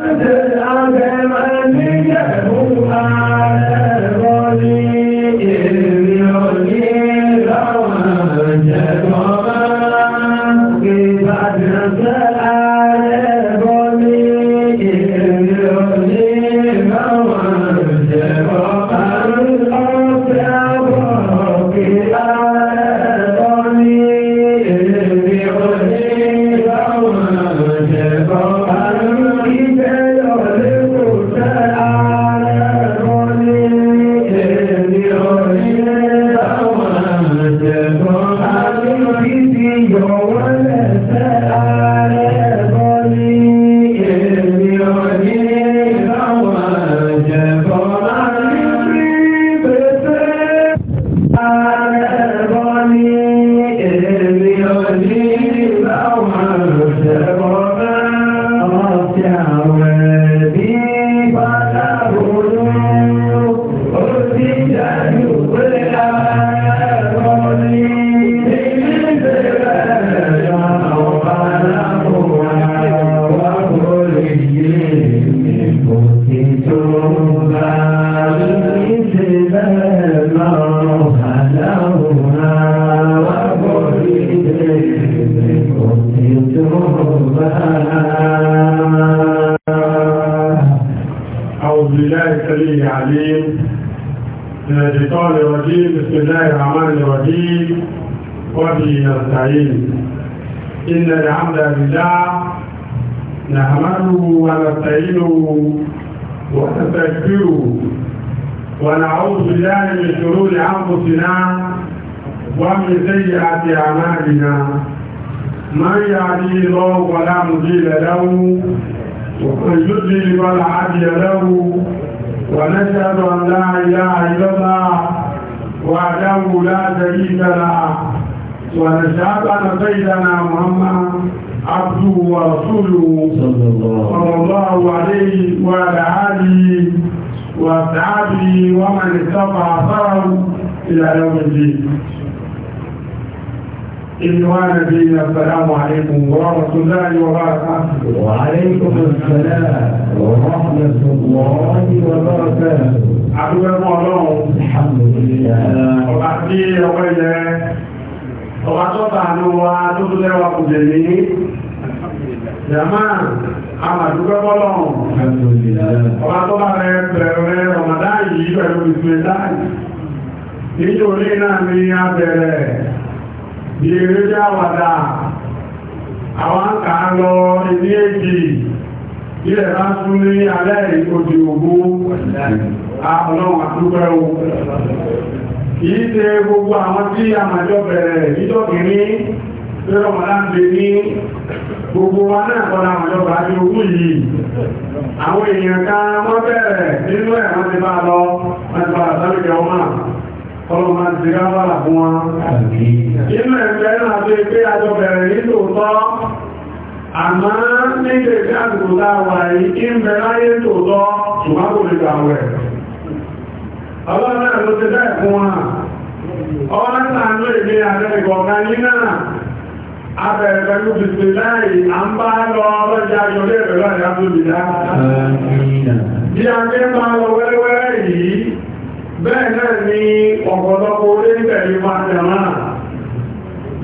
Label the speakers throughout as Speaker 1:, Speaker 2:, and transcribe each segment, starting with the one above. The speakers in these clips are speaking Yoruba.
Speaker 1: Thank you.
Speaker 2: إخوان دين السلام عليكم ورحمة الله وبركاته وعليكم السلام ورحمة الله وبركاته أدعو الله الحمد لله وبعدي وبعدي وبعدي تعالوا تدل وقدني جماعة أما دعوة الله الحمد لله وبعدي تعالوا رمضان يجي بسم الله nítorí náà ni a bẹ̀rẹ̀ bí eré bí àwàdà àwọn àkà lọ ilé èjì ilẹ̀ bá sún ní alẹ́ ìkòjì ògbó ọlọ́run àtúgbẹ́ ohun kìí ṣe gbogbo àwọn tí àmàjọ bẹ̀rẹ̀ ìjọ́kìní ní gbogbo wa náà ogún yìí àwọn èèyàn ká wọ́n ọlọ́mọ ti gábàrà fún wọn inú ẹ̀fẹ́ náà tó pé àjọ bẹ̀rẹ̀ ní tòótọ́ àmá ní kèfẹ́ àtìkò láwà yìí ń bẹ láyé tòótọ́ ṣùgbọ́n lè gbà wẹ̀ bí a ń gbé máa lọ wẹ́rẹ́wẹ́rẹ́ yìí bẹ́ẹ̀ náà ni ọ̀pọ̀lọpọ̀ orílẹ̀-èdè máa tẹ̀mọ́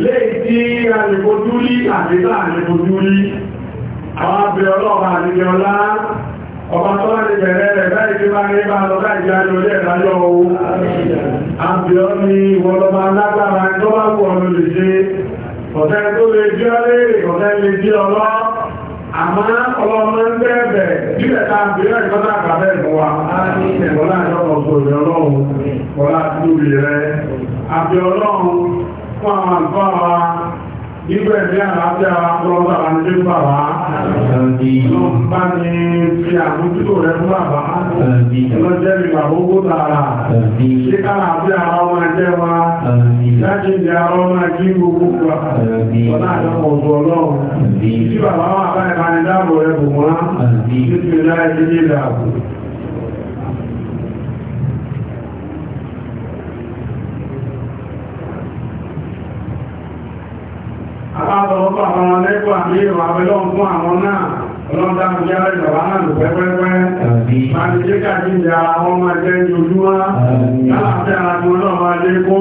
Speaker 2: léè tí àlèbójúlí àdídá àlèbójúlí àwọn abẹ́ ọlọ́ọ̀bà àdídẹ́ ọlá ọba tó wà ní bẹ̀rẹ̀ rẹ̀ báyìí tí máa rí bá lọ báyìí jáde orí ẹ̀ráyọ́ ohun abẹ́ ọ àmọ́ ọlọ́mọ ń bẹ́ẹ̀bẹ̀ jílẹ̀ ta bèèrè ìgbọ́nà àgbàbẹ́ ìmúwa ní ìbọ̀lá ìjọ́kọ̀ọ́sọ̀ ìrẹ̀ ọlọ́run bọ̀lá àti lórí rẹ̀ àbí ọlọ́run fún àwọn àgbà wa Ibẹ̀ ní àlàáfíà lọ́dọ̀ àti bàbá. Ló ń bá ní fi àmójútó rẹ̀ fún bàbá. Lọ́jẹ́ ní bàbá owó tààrà. Ṣé kálàáfíà ọmọ ẹjẹ́ wa? Láti ìdí ara ọmọ ẹjí gbogbo wa. Ọ̀nà àjọpọ̀ ọlọ́run. Tí bàbá wà báyìí bá ní dáàbò rẹ̀ bò wọ́n. alábọ̀lọ́pọ̀ àwọn ọlẹ́kọ̀ àmì ìwà abẹ́lọ́ fún àwọn náà ọlọ́dá mú yára ìjọba náà lò pẹ́pẹ́pẹ́ máa ti jẹ́ káàkiri àwọn ọmọ ẹgbẹ́ ní ojúmọ́ láàáfẹ́ ara tí wọ́n náà máa lé kó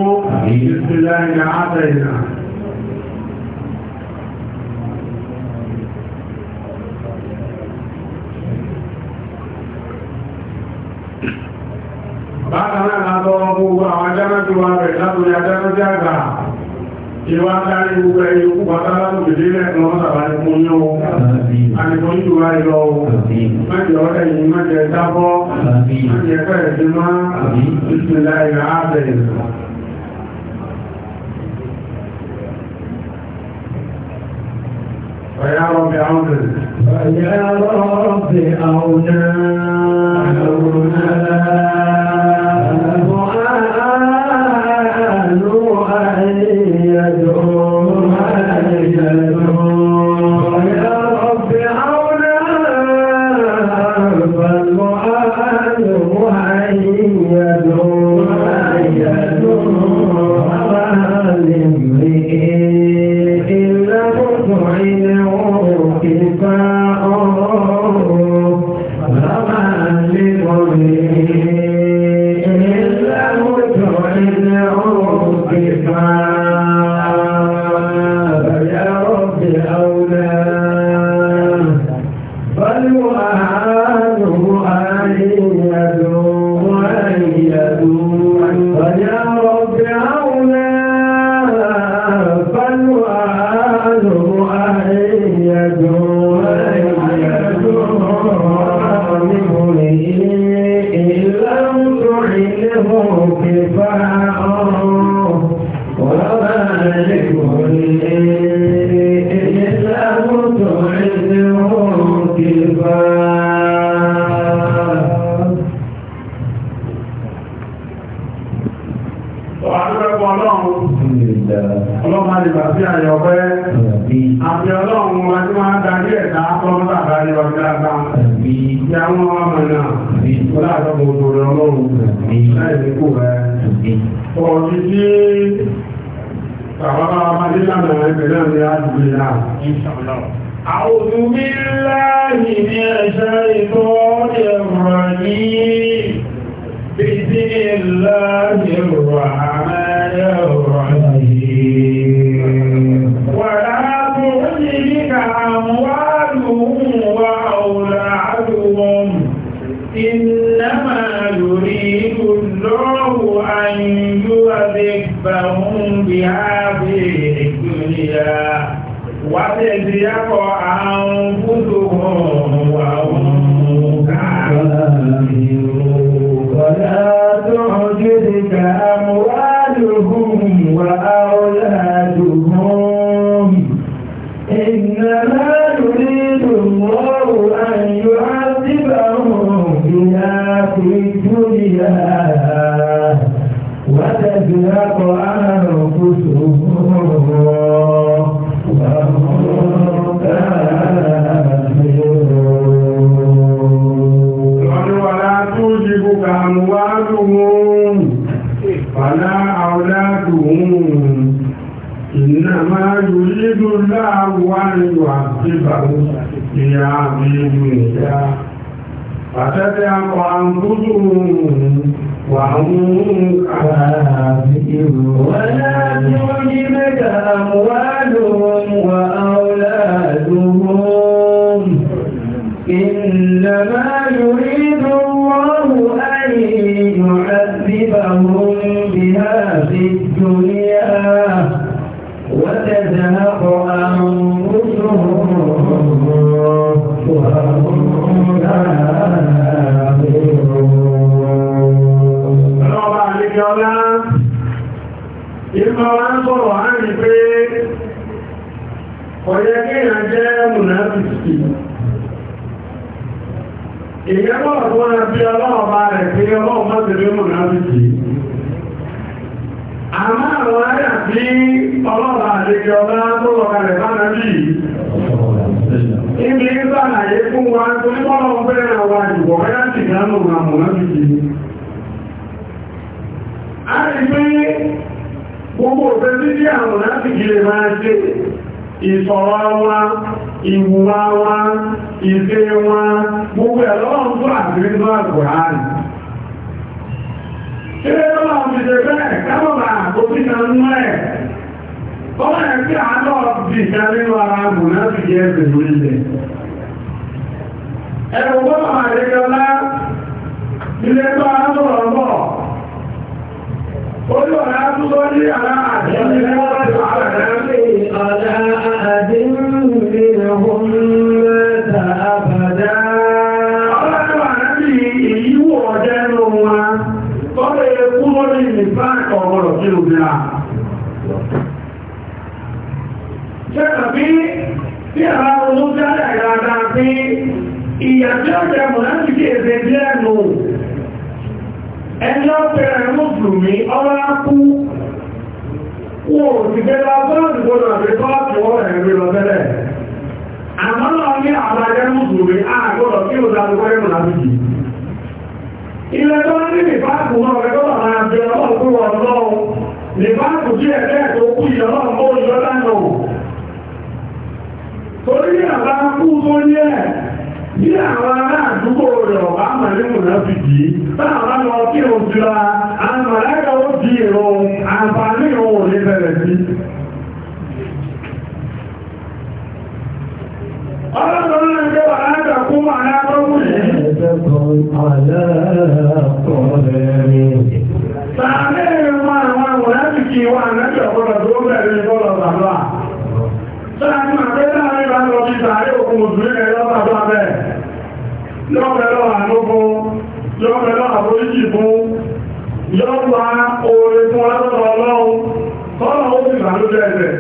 Speaker 2: látọ́ gbogbo àwọn ajánátí wa rẹ̀ látòrí ajánátí àgbà ìwà kárí gbogbo ẹyẹ kú bàtà láti òjèdè lẹ́ẹ̀kan wọ́n ní fún yóò àdìkọ́ yíò wá ìlọ májẹ̀ ọ̀rẹ́ yìí májẹ̀ dábọ́ májẹ̀ fẹ́ẹ̀ sí máa ìsìnlá ìlà ábẹ̀ فيا تحجبك bẹ̀rẹ̀ mùsùlùmí ọlá kú wọn ò sì bẹ́ lábọ́ọ̀dù gbọ́dọ̀ àti tọ́ọ̀tù wọ́n rẹ̀ rí lọ tẹ́lẹ̀ àmọ́ náà ní àbájẹ́ mùsùlùmí àgbọ́dọ̀ kí ó dáa lọ́wọ́ ẹ̀rùn láti jì ilẹ̀ tó ní nìfáàkù náà rẹ̀ gbọ́dọ̀ máa bẹ ọlọ́ọ̀kúrò ọlọ́ọ̀ nìfáàkù tí ẹ̀fẹ́ tó kú ìyọ́lọ́ọ̀ bí àwọn ará àdúgbò rẹ̀ ọ̀bá mà ní mùnàfìdì táwọn ará lọ kí o jura àmà ẹ̀ka ó di ìrọ̀ àǹfààní ìrọ̀ òní bẹ̀rẹ̀ sí. ọlọ́run yọ́ pẹ̀lú àforíjì fún yọ́ pa oore fún ọlọ́dọ̀ ọlọ́run tọ́nà ó sì lálójẹ́ ẹ̀sẹ̀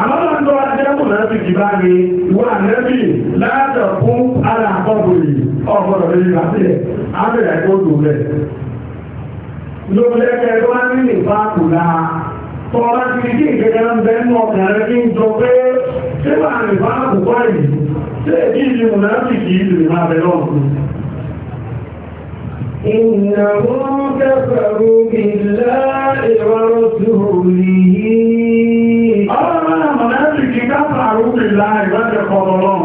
Speaker 2: àmọ́ náà tó ajẹ́kùn náà ti kìbá ní wà nẹ́bì láàjọ fún ara àkọ́bùrì ọ̀pọ̀lọ̀ lórí ìgbàsílẹ̀ ábẹ̀rẹ̀ tó dùn rẹ̀ lóòlẹ́kẹ̀ẹ́ tó wá ní nípa kùlá tọ́lá ti ní kí ìgbẹ́gbẹ́ ń bẹ́ mọ́ ọ̀kẹ́rẹ́ kí ń jọ pé ṣé wà nípa kùkọ́ yìí ṣé èdè ìlú náà ti kì í lè máa bẹ̀ lọ́rùn إنهم كفروا بالله ورسوله أولا منافق كفروا بالله بعد قضلان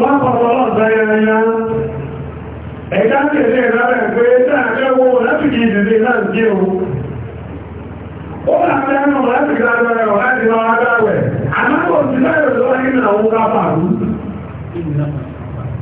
Speaker 2: wọ́n kọ̀ọ̀lọ́ ọ̀dáyẹrẹyà ẹ̀dá kèlè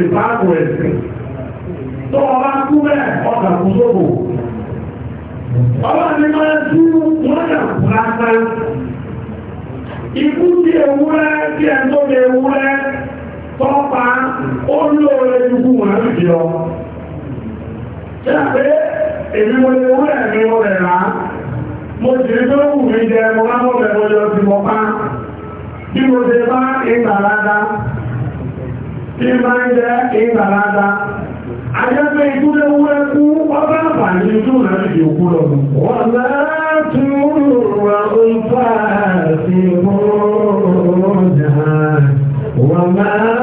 Speaker 2: lè bá àgbò ẹ̀sìn tó wọn bá kú bẹ́ẹ̀ ọkà kú sóbò ọlọ́run ní máa tú wọ́n yà pàtàkì ikú tí ewúrẹ́ tí ẹ̀ tó lè ewúrẹ́ tọ́pa ó lóore dúkú wọn lóde lọ ṣé àpé èmi mo lè wúrẹ́ mi mo lè rà á mo sì rí pé ó wù mí jẹ mo bá mọ̀ bẹ̀ mo yọ sí mo pa bí mo ṣe bá ìgbàlada tí bá ń jẹ́ ìgbàláta ajẹ́pẹ́ ìtúlé wúrẹ́kú ọgbà àpàlẹ̀ ìjú rẹ̀ ìdí òkú lọ wọ́n látúrà ń fà sí mọ́ ọ̀nà wọ́n máa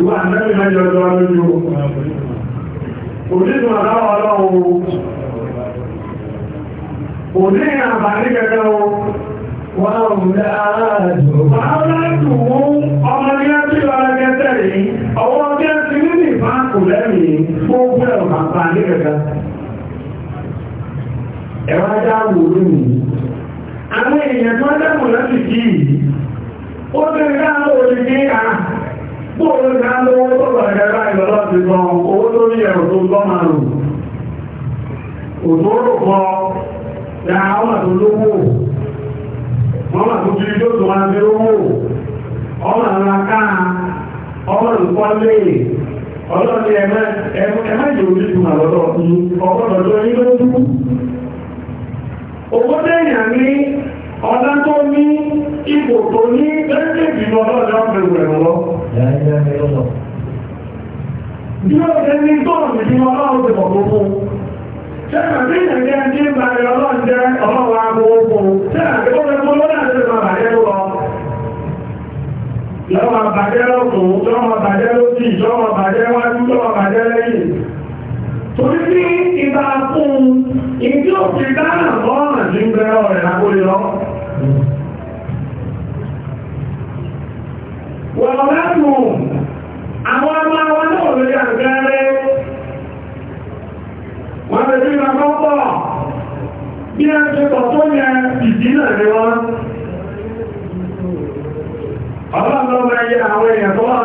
Speaker 2: àdúrà mẹ́rin mẹ́jọ ọjọ́ lójú òní ìdùn àdáwọ̀ ọlọ́run òní àbàní gẹ́gẹ́ o wọ́n rẹ̀ aláàjò wọ́n aláàjò wọ́n ọmọ ní ẹbí lọ́rẹ́ gẹ́gẹ́ yìí ọwọ́ bí ẹ ti ní nìfà kò lẹ́mìí fún gbẹ̀rù àbàní gẹ́gẹ́ ẹ̀rọ ajá wò lónìí àwọn èèyàn tó ń dẹ́kun lọ́sì kí ó ti rí àwọn olùdí àà Bóòrùn ká lówó tó bàgàrà ìlọ́lọ́ ti gan owó lórí ẹ̀rù tó gọ́mà rù. Òtòrò kọ́ ya àwọn àtolówó, wọ́n mà tó kiri tó tó máa fi owó, ọmọ àwọn akáà, ọmọ ìpọ́lé, ọlọ́ni ẹ̀mẹ́ ìjòwò títù àlọ́lọ́ ọgbọ́dọ̀dọ́ yí ló dú. Owó tẹ́yà ní ọlá tó ní ipò tó ní lẹ́gbẹ̀ẹ́ ìlọ́lọ́ láyé ẹ̀rọ lọ. Yóò ṣe ní tóòrùn tí wọ́n lọ́wọ́ ti bọ̀ gbogbo. Ṣẹ́nà bí ìrìnlẹ̀ ẹni ń bá ẹ̀rọ lọ́n jẹ́ ọlọ́wọ́ agbógbó. Ṣẹ́nà bí ó lẹ́gbọ́n lọ́nà àti máa bàjẹ́ lọ. Lọ́wọ́ bàjẹ́ lọ́kùn, lọ́wọ́ bàjẹ́ lókì, lọ́wọ́ bàjẹ́ wájú, lọ́wọ́ bàjẹ́ lẹ́yìn. Torí bí ìbá fún ìdí òfin dáhà lọ́rùn ní bẹ̀rẹ̀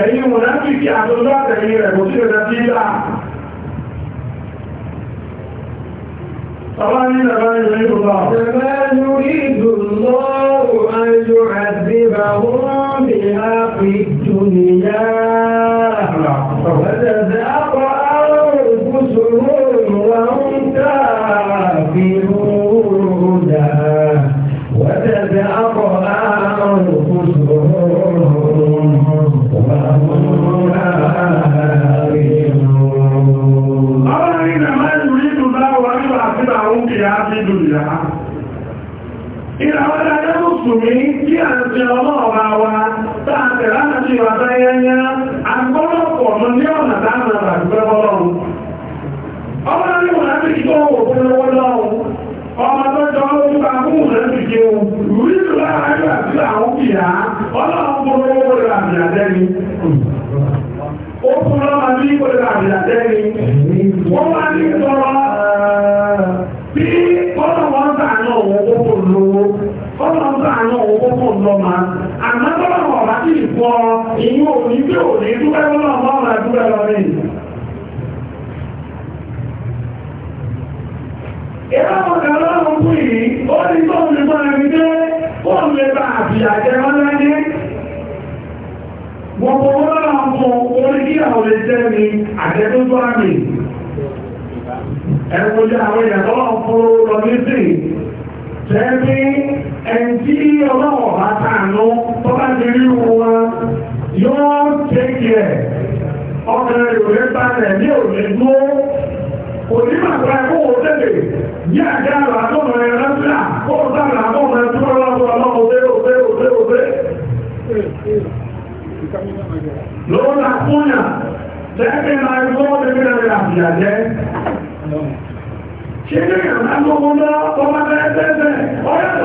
Speaker 2: ẹ̀yin mùnáfíkì àtọ́jọ́ àtẹ̀yìn rẹ̀ kò sí ẹ̀dẹ̀ sí ìlà Ọlá ní ìlànà ìlú ìlúlá. Ṣẹ̀bá lórí ìdùnnú ayò àdìbà wọ́n bí á fi dùn níyà. mùsùlùmí tí a ń ṣe ọlọ́ọ̀bá wa táàtẹ̀ láti wàtá yẹnyẹ agbọ́lọ́pọ̀ mọ́ ní ọ̀nà dáadáa àgbẹ́ ọmọ ní láti tó òfin owó ọmọ tó jọ orí fún inú òní tí ò ní dúpẹ́ lọ́nà mọ́rùn àdúgbẹ́ lọ ní ìrọ̀mọ̀ kan fún yìí ó ní tó ń lè mọ́ ẹni dé ó ń lè bá àbíyà jẹ mọ́lẹ́ni gbogbo lọ́rùn fún orí kí àwọn lè jẹ́ mi àjẹ́tójú àmì ẹ̀wọ̀n jẹ́ àwọn ẹni ọlọ́wọ̀ bá tàànú tó bá ti rí wọn yóò tẹ́kì ẹ̀ ọkùnrin rẹ̀ òní balẹ̀ ní òní mú òní màgbà ẹ̀kọ́ tẹ́lẹ̀ ní àjá àlọ́ àtọ́nà ẹ̀ lọ́sílà kó o sábà àtọ́nà ẹ̀ tó lọ́wọ́ ọlọ́wọ́ òbé òbé òbé òbé. lọ́wọ́ la fúnyà lẹ́ẹ̀kẹ́ máa ń gbọ́ tẹ́lẹ̀ rẹ̀ àbíyàjẹ́ ṣé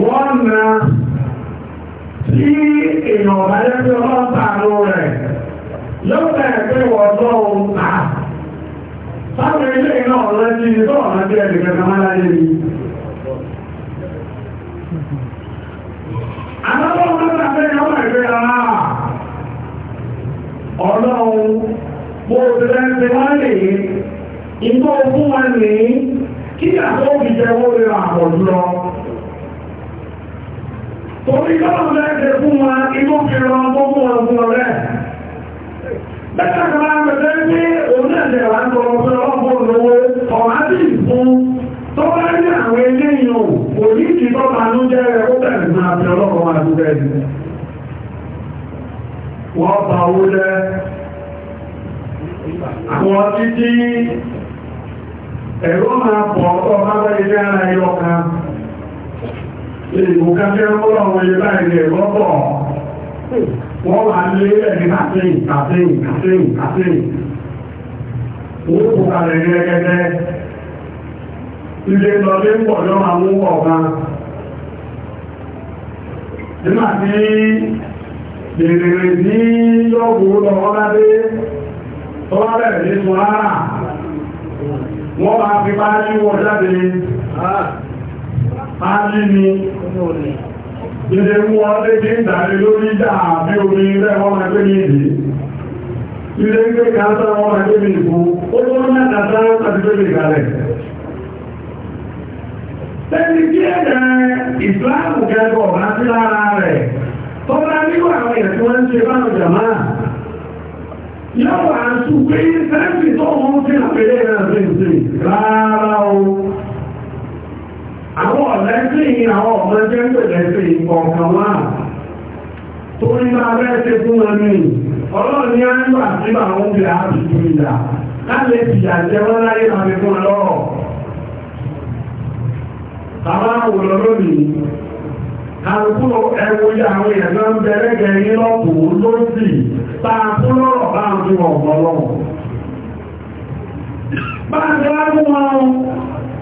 Speaker 2: wọ́n na tí èèyàn bá lẹ́gbẹ́ ọlọ́pàá ló rẹ̀ lọ́pàá ẹgbẹ́ wọ́tọ́ ohun ta sáwọn ilé iná ọ̀rẹ́ tí tó ọ̀rẹ́ bí ẹ̀dẹ̀ kẹta máa láyé ni alábọ̀n mẹ́ta fẹ́ ní kí àtọ́ òbí jẹ́ wọ́n lè rà pọ̀ jùlọ torí lọ́rùn lẹ́ẹ̀dẹ̀ fún wa inú fi ran gbogbo ọ̀gbọ̀n rẹ̀ ní onílẹ̀ wà ń tọrọ fún tó bá ní àwọn ní kí tó jẹ́ rẹ̀ ó bẹ̀rẹ̀ ìbùkà tí ó kọ́lọ̀ wọn wọ́n wà lé ẹni kàtẹ́yìn kàtẹ́yìn kàtẹ́yìn kàtẹ́yìn wọ́n kò kalẹ̀ ní ẹgẹ́gẹ́ ilé lọlé ń pọ̀ lọ́wọ́ àwọn ọ̀gán nígbà tí bèbèrè tí yọ́gbò lọ́wọ́ ládé tọ́wọ́ bẹ̀rẹ̀ ní sùn rárá wọ́n bá fi bá Fáàlì ni, ìdè mú wọn lé kí ń dàrí lórí dáàbí omi rẹ̀ wọ́n máa gbé ní ìdí. Ilé ń gbé káńtà wọ́n máa gbé ní ìbú, ó tó ń náà dàtà láti gbé ní ìgbàlẹ̀. Tẹ́lí kí ẹ̀dẹ̀ ìsìláàmù kẹ́kọ̀ọ́ bá sí lára rẹ̀, tó bá nígbà àwọn èèyàn tí wọ́n ń ṣe báwọn jàmáà. Yọ́wọ́ àṣù pé tó wọ́n fi àpẹẹrẹ ẹ̀sìn àwọn ọmọ jẹ́ pẹ̀lẹ̀ sí ìkọ̀ọ̀kan wá tó ní máa bẹ́ẹ̀ ṣe fún wọn ní ọlọ́run ní àgbà tí àwọn oúnjẹ àbùkù ìdá láti fìyà jẹ wọn láyé máa fi fún ọlọ́rọ̀ bàbá àwòrán lónìí àrùkú ẹwọ ya àwọn èèyàn náà ń bẹ̀rẹ̀ gẹ̀ẹ́ lọ́pù lóòsì táa fún lọ́rọ̀ bá ń fi ọ̀pọ̀ lọ́wọ́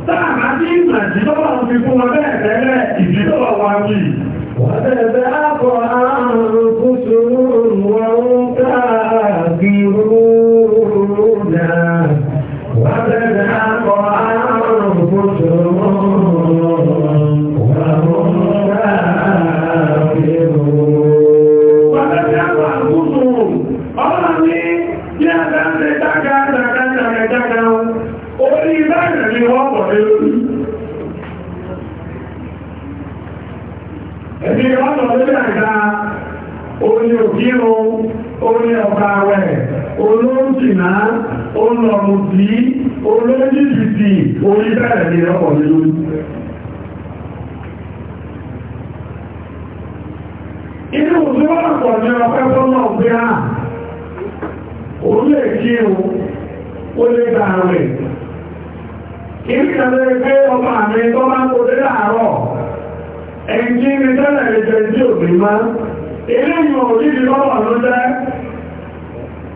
Speaker 2: Táàmà ní ìmọ̀ ìjìdọ́wà fi fún wọn bẹ́ẹ̀ tẹ́lẹ̀ ìjìdọ́wà wá wí. Wọ́n tẹ̀lẹ̀ ìná olóòrùn tí olóòjì títì orí bẹ̀rẹ̀ ní ọkọ̀ lórí inú tí wọ́n pọ̀ ní ọpẹ́ fọ́nà ọ̀gbé à ó lè kí o ó lè gbà rẹ̀ kí n kẹ́lẹ́ pé ọmọ àmì tó máa kó dé láàárọ̀ ẹ̀yìn tí ní tẹ́lẹ̀ ìjẹ́ tí ò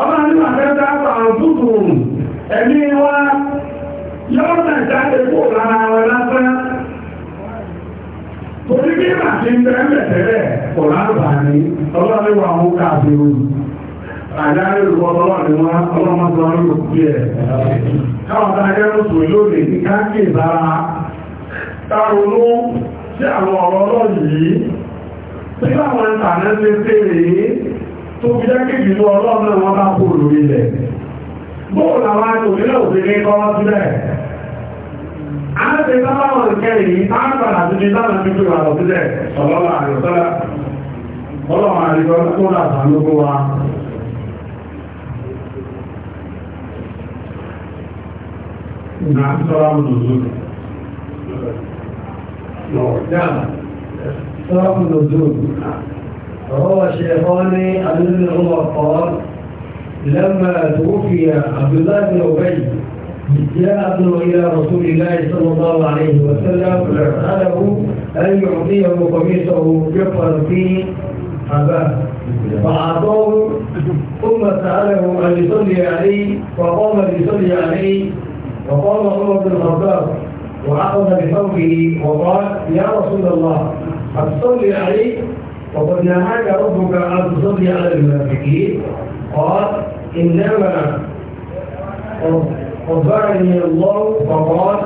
Speaker 2: ọmọ ní àfẹ́ta àrùtùtù ẹ̀mí wá yọ́n náà jáde kó lára wọn lásán torí bí màtí ń bẹ́ẹ̀ mẹ́tẹ̀lẹ̀ kò lábàá ní ọlọ́rin wà mú káàbí òun àdáyé olùkọ́lọ́wà ni wọ́n ọlọ́mọdé wọn ló kú ẹ̀ káwọn táyé lóṣù lónìí ní káàkì ìbára táronú sí àwọn ọ̀rọ̀ ọlọ́yìn yìí pé láwọn ìtànẹ́ ti tó fi jẹ́ kí ìlú bá kó lórí ilẹ̀ bóò làwọn àtòmílẹ̀ òfin ní sábà sílẹ̀ ọlọ́run àrẹ̀sọ́lá ọlọ́run àrẹ̀sọ́lá tó rà sàlógó wa na sọ́ra mú روى الشيطان عن ابن عمر قال لما توفي عبد الله بن ابي جاء ابنه الى رسول الله صلى الله عليه وسلم فساله ان يعطيه قميصه يقهر فيه أباه فأعطاه ثم سأله أن يصلي عليه فقام ليصلي عليه وقام عمر بن الخطاب وعقد بثوبه وقال يا رسول الله قد صلي عليه وقد نهاك ربك أن تصلي على المنافقين قال إنما رفعني الله فقال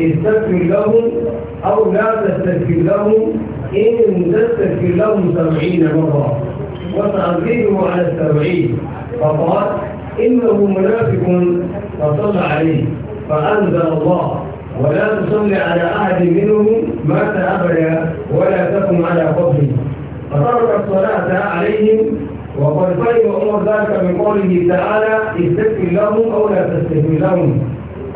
Speaker 2: استغفر لهم أو لا تستغفر لهم إن تستغفر لهم سبعين مرة وسأزيده على السبعين فقال إنه منافق فصل عليه فأنزل الله ولا تصلي على أحد منهم مات أبدا ولا تقم على قبره فترك الصلاة عليهم وقد فهم عمر ذلك من قوله تعالى استغفر لهم أو لا تستغفر لهم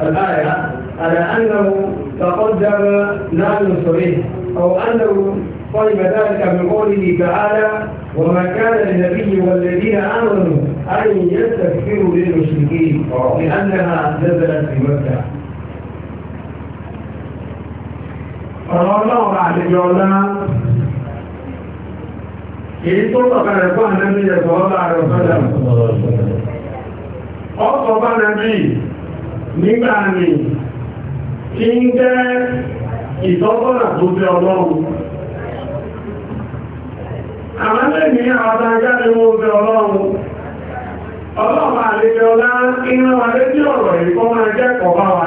Speaker 2: الآية على أنه تقدم نال صريح أو أنه فهم ذلك من قوله تعالى وما كان للنبي والذين آمنوا أن يستكفروا للمشركين لأنها نزلت في مكة ọ̀rọ̀ الله بعد جعلنا èyí tó tọ̀ka rẹ̀ ọkọ̀ bá nígbà ní kí ń jẹ́ ìtọ́gbọ́nà tó fi ọlọ́run àmọ́lẹ̀ ní àwọn ajáde wọn fi ọlọ́run ọlọ́run àlejò ọlá iná wọlé tí ọ̀rọ̀ ìkọ́ máa jẹ́ kọ̀ọ̀bá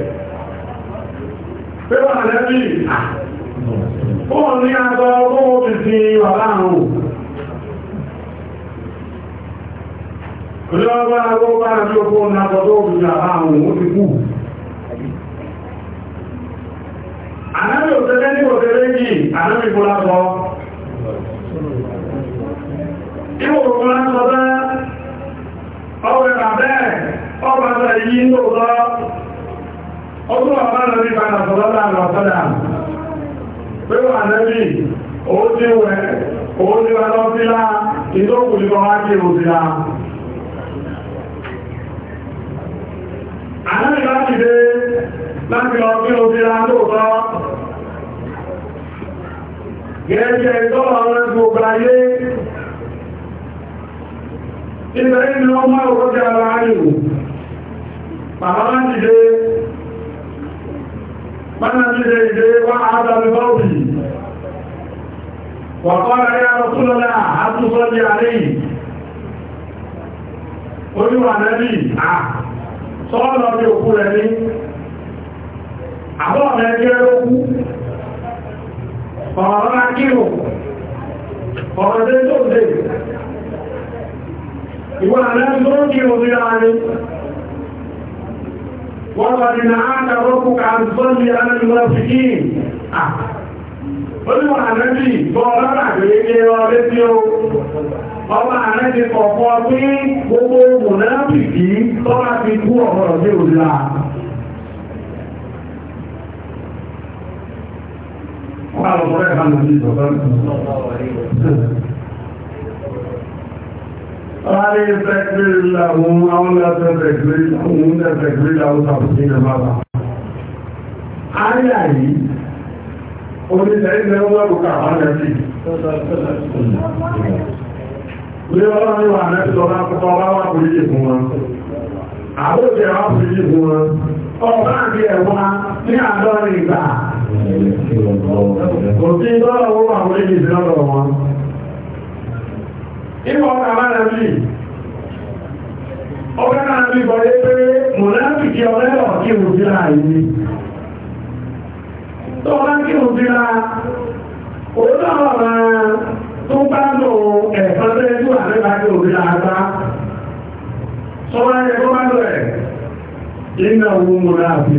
Speaker 2: pẹ́lá àlẹ́bí ó ní àjọ ọgbọ́n òfìsí wàlá àrùn lọ́gbà agbógbà àti òkú ọ̀nàbọ̀ tó òfìsí wàlá àrùn ó ti kú ànábì òtẹ́lẹ́ ní òtẹ́lẹ́ yìí ànábì ìbúlápọ̀ ìwòrò máa sọ bẹ́ ọwẹ́ bàbẹ́ ọgbàtà yìí ń lò lọ́ ọdún ọ̀pá lọ nípa nàfọ́lọ́lá àlọ́sọ́lá pé wà nẹ́bí òun ti wẹ̀ òun ti wà lọ sílá ìdókù ní ọwá kí o sílá àlẹ́bí láti dé láti lọ kí o sílá lóòtọ́ gẹ́gẹ́ ìtọ́lọ̀ ọ̀rẹ́ gbogbo ayé ìbẹ̀rẹ̀ ìlú ọmọ òkúta ara ayò bàbá láti dé من بيده وعلى البول وقال يا رسول الله هل تصلي عليه قل يا نبي sọ́ọ̀lọ́ ní òkú rẹ̀ ní àwọn ọ̀rẹ́ jẹ́ lókú ọ̀rọ̀ akírò ọ̀rọ̀ tó dé ìwọ̀n àrẹ́ tó ní wọ́n ni náà rọ́pùkà àzọ́lì alìmọ̀síkín olúwà àrẹ́bì bọ́ lọ́nà àgbèrè ọlẹ́ tí ó ọba àrẹ́bì kọ̀ọ̀kọ́ pé gbogbo mùnáfìkì tọ́lá fi kú ọ̀rọ̀ ní òlà Wọ́n á lọ sọ́rọ̀ ẹ̀ká lọ sí ìjọba. Ààrẹ tẹ́gbèrè láwọn àwọn látẹ́gbèrè láwọn tẹ́gbèrè láwọn tàbí ní bàbá. Ààrẹ àyí, oníṣẹ́ ilẹ̀ wọ́n lọ́rùn kàwà lẹ́sì. Lé ọlọ́rin wà lẹ́sì lọ́lá púpọ̀ wá wà fún ìjì fún wọn. Àwọ́jẹ́ wá fún ìjì fún wọn. Ọba àti ẹ̀wà ní àdọ́rin ìgbà. Kò sí lọ́rọ̀ wọ́n àwọn ìjì sí lọ́rọ̀ wọn ìwọ̀ àmàràbí ọgbẹ́ náà bí bọ̀lé pé mọ̀láàbì kí ọlẹ́rọ̀ kí o sí láàá yìí tó wá kí o sí láàá òótọ́ ọ̀rọ̀ tó bá lò ẹ̀fọn tẹ́lẹ̀ tó àrẹ́bà kí o sí láàá bá sọ́wọ́ ẹ̀rẹ́ tó bá lò ẹ̀ iná owó mọ̀láàbì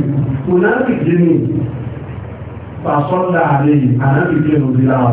Speaker 2: mọ̀láàbì kí ni pàṣọ́lá àlè àrẹ́bì kí láàá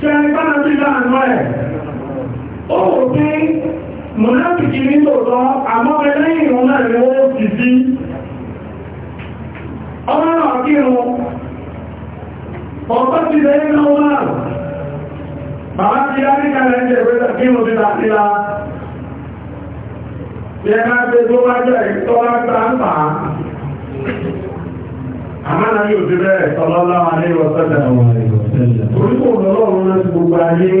Speaker 2: ṣe ẹgbẹ́nà sí láàánú ẹ̀ ó wò pé mọ̀lápìkì ní tòótọ́ àmọ́ ẹlẹ́yìn ìrún náà ni ó ti sí ọlọ́rọ̀ kírun ọ̀pọ̀ ti lẹ́yìn náà wà bàbá ti yá nígbà lẹ́yìn ìrẹ́sẹ̀ kírun ti tàbílá bí ẹ máa gbé tó wájẹ́ ìtọ́wájá ń pàá àmọ́nà yóò ti bẹ́ẹ̀ sọlọ́lá aléwọ̀sẹ́lẹ̀ orúkọ ọlọ́run náà ti gbogbo ayé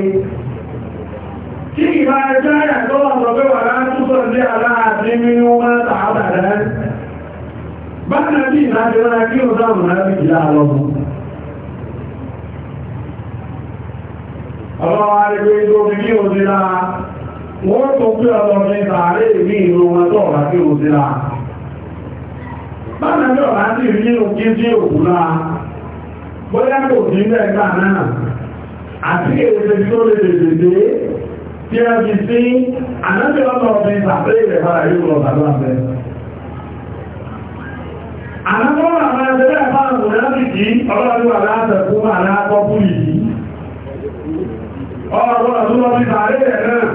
Speaker 2: tí ìbá ẹjọ́ ẹ̀kọ́ ọ̀sọ̀gbé wà látúsọ̀ ní aláàdé nínú máa tààbà rẹ̀ bákan bí ìdájọ́ kí ó dáhùn láti ìlà àlọ́bù ọlọ́wọ́ arégbé tó fi kí wọ́n tó pé ọlọ́rin tààrí ìlú ìlú wọn tó ọ̀rá kí ó báwọn ẹgbẹ́ ọ̀rá sì rí nínú kí sí òkú náà bóyá kò sí ní ẹgbà náà àti èrè tí ó lè dèdè tí a fi sí ànábì ọ̀nà ọ̀bẹ ìsàpẹ́lẹ̀ rẹ̀ padà yóò lọ sàdó àbẹ́ ànábì ọ̀nà àwọn ẹgbẹ́ ẹ̀fà àwọn ẹ̀fìkì ọlọ́dún aláàtẹ̀kú aláàkọ́kú yìí
Speaker 1: ọ̀rọ̀ ọ̀dún ọ̀bí sàárẹ̀ rẹ̀ náà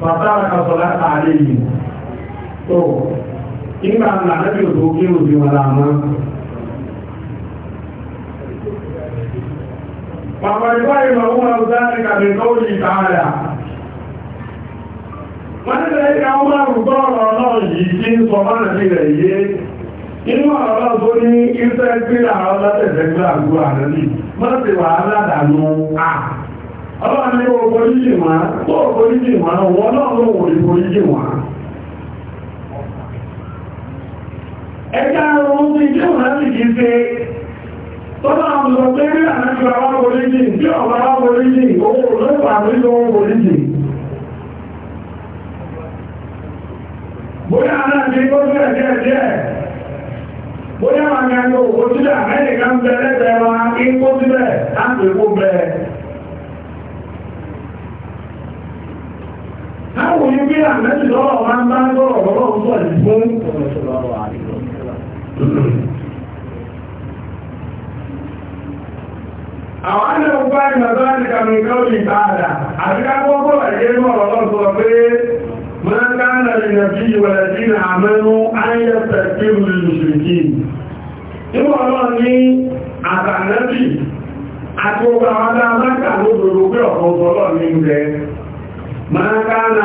Speaker 2: Fàtàrà kàtọ̀lá tààrí yìí tó nígbà lànàbí òdò kí o bí wọn làmọ́ pàpàdìpá ìmọ̀ òun àwùjá ti kàbí tó yìí tààrà wọ́n ní lẹ́yìn àwọn márùn-ún tọ́rọ náà yìí tí ń sọ mọ́nà sí rẹ̀ yé inú ọ̀rọ̀ tó ní iṣẹ́ gbíra ọlọ́tẹ̀ẹ̀fẹ́ gbíra àgbúrà rẹ̀ ní mọ́sí wà aládàánú à ọlọ́run ní orí orí jì wọ́n tó orí jì wọ́n náà ló wòrí orí jì méjì ṣe tọ́lá àmúlọ pé rí ànájú àwọn oríjì tí ọ̀rọ̀ àwọn oríjì owó olóòpàá nílò oríjì bóyá aláàbí ó bẹ̀rẹ̀ díẹ̀ díẹ̀ bóyá wà ní àjọ òkú sílẹ̀ amẹ́ríkà ń bẹ lẹ́gbẹ̀ẹ́ wa ikú sílẹ̀ láti ikú bẹ láwọn yìí bí àmẹ́sì lọ́wọ́ máa ń bá lọ́rọ̀ lọ́wọ́ ń sọ̀rọ̀ àwọn àjẹ́gbogbo àìmọ̀tọ́ láti kàmì kọ́lù ìbáadà àti kápọ́pọ́ ẹ̀yẹ́ mọ̀rọ̀ lọ́sọ̀ pé mọ́kànlá ìrìnàjí ìwẹ̀lẹ̀dí àmẹ́nu ayẹ́sẹ̀ tí ní àtànẹ́bì àti ogun àwọn adámákà lóbòrò pé ọ̀pọ̀lọ́ ní ilẹ̀ mọ́kànlá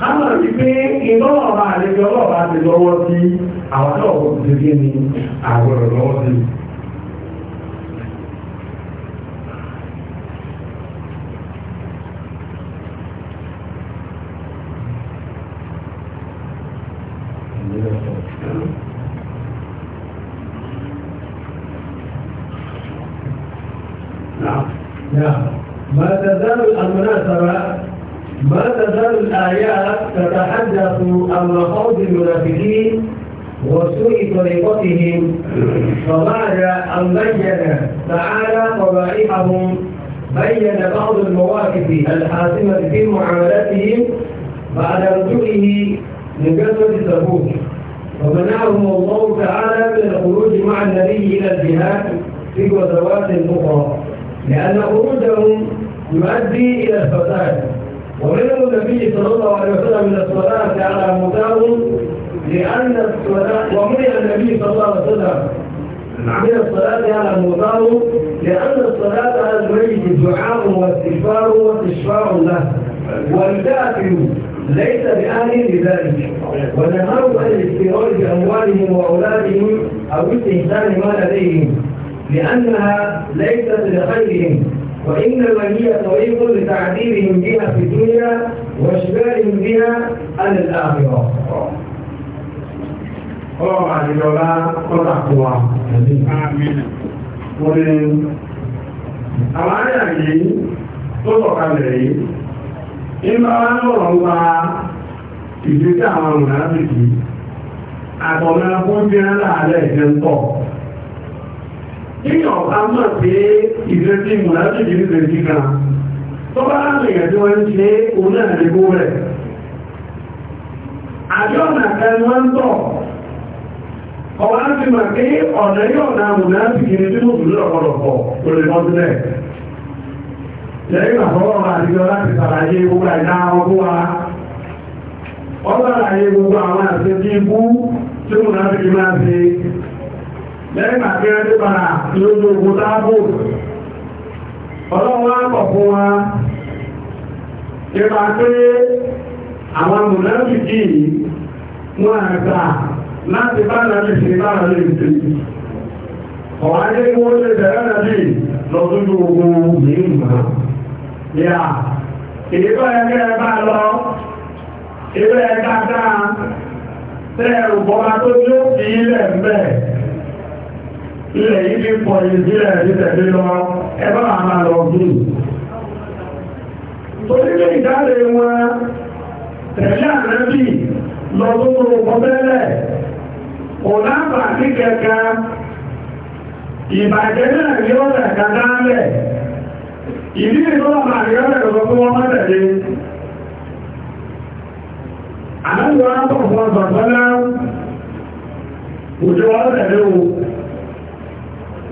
Speaker 2: káwọn rí pé iná ọ̀rọ̀ àlejò ọlọ́ọ̀bá ti lọ́wọ́ sí àwọn náà kò ti gé ni àwọn ọ̀rọ̀ lọ́wọ́ sí. ما تزال المناسبة ما تزال الآيات تتحدث عن مخاوف المنافقين وسوء طريقتهم فبعد أن بين تعالى طبائعهم بين بعض المواقف الحاسمة في معاملاتهم بعد رجوعه من غزوة التبوك ومنعهم الله تعالى من الخروج مع النبي إلى الجهاد في غزوات أخرى لأن خروجهم يؤدي إلى الفساد ومن النبي صلى الله عليه وسلم من الصلاة على مداوم لأن الصلاة ومنع النبي صلى الله عليه وسلم من الصلاة على المضاوم لأن الصلاة على الميت دعاء واستشفاء واستشفاء له والكافر ليس بأهل لذلك ونهار عن الاستيراد بأموالهم وأولادهم أو استهتان ما لديهم لأنها ليست لخيرهم وإنما هي طريق لتعذيبهم بها في الدنيا وإشغالهم بها عن الآخرة ọlọ́run àdìjọba kọ́ta kó wa mo ní àwọn àríyá yìí tó sọ̀kalẹ̀ yìí nígbà wá lọ́rọ̀ ń pa ìgbésẹ̀ àwọn ọmọ náà bìkì àtọ̀nà kó jẹ́ láàárẹ̀ ìjẹ́ ń tọ̀ kíyàn bá mọ̀ pé ìrètí mùláṣì kìí ṣe sí kan tó bá rìn ẹ̀jọ́ wọ́n ń ṣe òun náà lè kó rẹ̀ àjọ́nà kan wọ́n ń tọ̀ ọwá ti mọ̀ pé ọ̀nà yóò náà mùláṣì kìí tí mo dùn lọ́pọ̀lọpọ̀ tó lè mọ́tún lẹ̀ lẹ́yìn àfọwọ́ àdìjọ láti sàlàyé gbogbo àwọn àti tí ibú tí mùláṣì kìí máa ṣe lẹ́yìn àti ẹni padà lójú ogun táàbù ọlọ́wọ́ àpọ̀ fún wa nípa pé àwọn mùlẹ́bì kí wọ́n àgbà láti bá nàbì sí bára lè ṣe ọ̀wá ní kí wọ́n lè bẹ̀rẹ̀ nàbì lọ lójú ogun mìíràn yà ìdíkọ́ ẹgbẹ́ ẹgbà lọ ilẹ̀ yìí fi pọ̀ yìí sílẹ̀ sí tẹ̀lé lọ ẹbá àmà lọ sí onílé ìdáre wọn tẹ̀lé àrẹ́bì lọ tó tó kọ́bẹ́lẹ̀ kò lábà sí kẹka ìbàjẹ́ náà ní ọ̀rẹ́ kàdánlẹ̀ ìdí ìtọ́lọ̀mà àríọ́rẹ̀ lọ tó wọ́n mọ́tẹ̀lé àlẹ́wọ̀n á pọ̀ fún ọ̀sọ̀tọ́lá òjò wọ́n tẹ̀lé o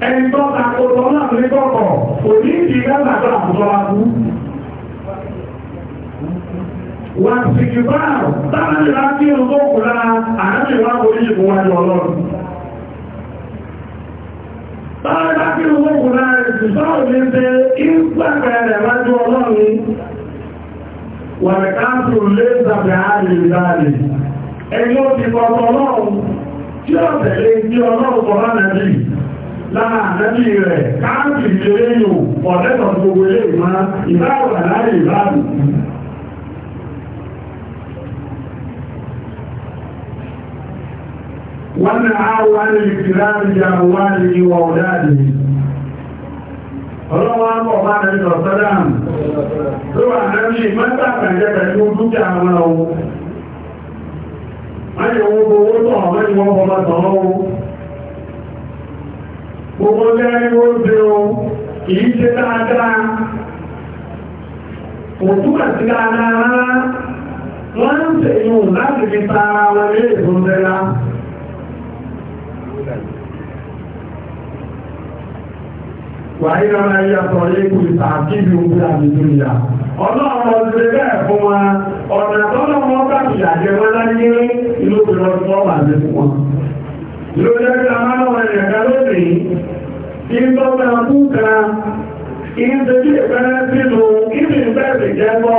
Speaker 2: ẹni tó takòtò náà ní kọ̀kọ̀ kò ní ìdí gánà tó àbùsọ abú. wà sìkì báàrù táwọn ìlà kí n tó kù lára àdájọ́ ìwà kò ní ìbò wájú ọlọ́run. táwọn ìlà kí n tó kù lára ìsìsọ́ òní ṣe ìgbàgbẹ́ rẹ̀ wájú ọlọ́run. wà ní káàtó lé sàbẹ̀ àárín ìdáàlì ẹni ó ti kọ́ ọlọ́run tí ó tẹ̀lé ní ọlọ́run kọ́ lára àdẹ́bí rẹ̀ káàkiri ilé yòó ọ̀dẹ́tọ̀ gbogbo ilé ìmọ̀ ìbáwọ̀ láyé ìbáàbò wọ́n ní àwọn alìkìláàrí àwọn alìwọ̀ ọ̀dáàdì ọlọ́wọ́ àpọ̀ máa rẹ̀ sọ sọ́dáàmù tó wà lẹ́rí mẹ́tàkàjẹ́ pẹ̀lú dúkẹ́ àwọn ọ̀wọ́ owó lẹ́rin ó ṣe o kìí ṣe dáadáa kò ara ya ní ìfúnṣẹ́lá wàá yíra máa yí àtọ̀ yéku ìtàkìbì òkú àti dúnìyà ọlọ́run ọdún bẹ́ẹ̀ fún ya ọ̀nà tọ́lọ́mọ́ bá fìyà jẹ wọn láyé inú ìrọ̀lọ́wọ́ ló lẹ́gbẹ́ amáwọn ẹ̀ka lónìí kí ń tọ́ta kúta kí ń tẹ́jú ìpẹ́rẹ́ sínú kí ní ìpẹ́ẹ̀sì jẹ́gbọ́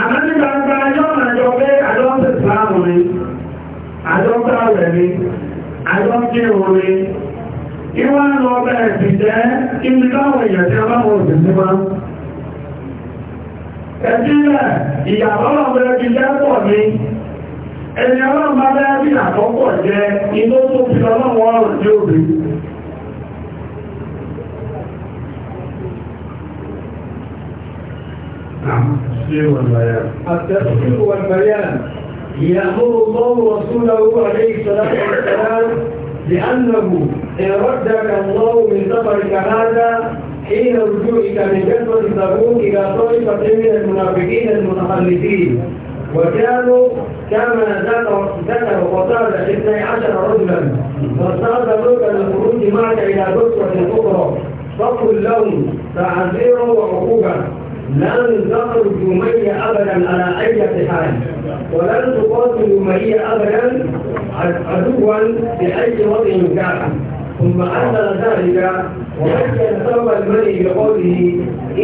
Speaker 2: àmẹ́lẹ́gbàgbà yọ́nà àjọ pé àjọ́sẹ̀ sáàmù ni àjọ́gbà rẹ̀ ni àjọ́kí orí ìwọ́n lọ bẹ̀rẹ̀ sí jẹ́ ibi táwọn èèyàn tí a bá wọn òsì sí máa ẹ̀sílẹ̀ ìyàwó ọ̀bẹ̀rẹ̀ ti jẹ́ pọ̀ ni ẹni ọlọ́run bá bẹ́ẹ̀ bí àkọ́kọ̀ jẹ inú tó fi ọlọ́run ọrùn tí ó bí التفسير والبيان يأمر الله رسوله عليه الصلاة والسلام لأنه إن ردك الله من سفرك هذا حين رجوعك من جدوى الضغوط إلى طريقة من المنافقين المتخلفين وكانوا كما ذكر ذكر وقال اثني عشر رجلا فاستعد ملكا للخروج معك الى قصه اخرى فقل لهم تعذيرا وعقوبه لن تخرجوا معي ابدا على اي حال ولن تقاتل معي ابدا عدوا باي وضع كان ثم عدل ذلك ومن يتسوى المني بقوله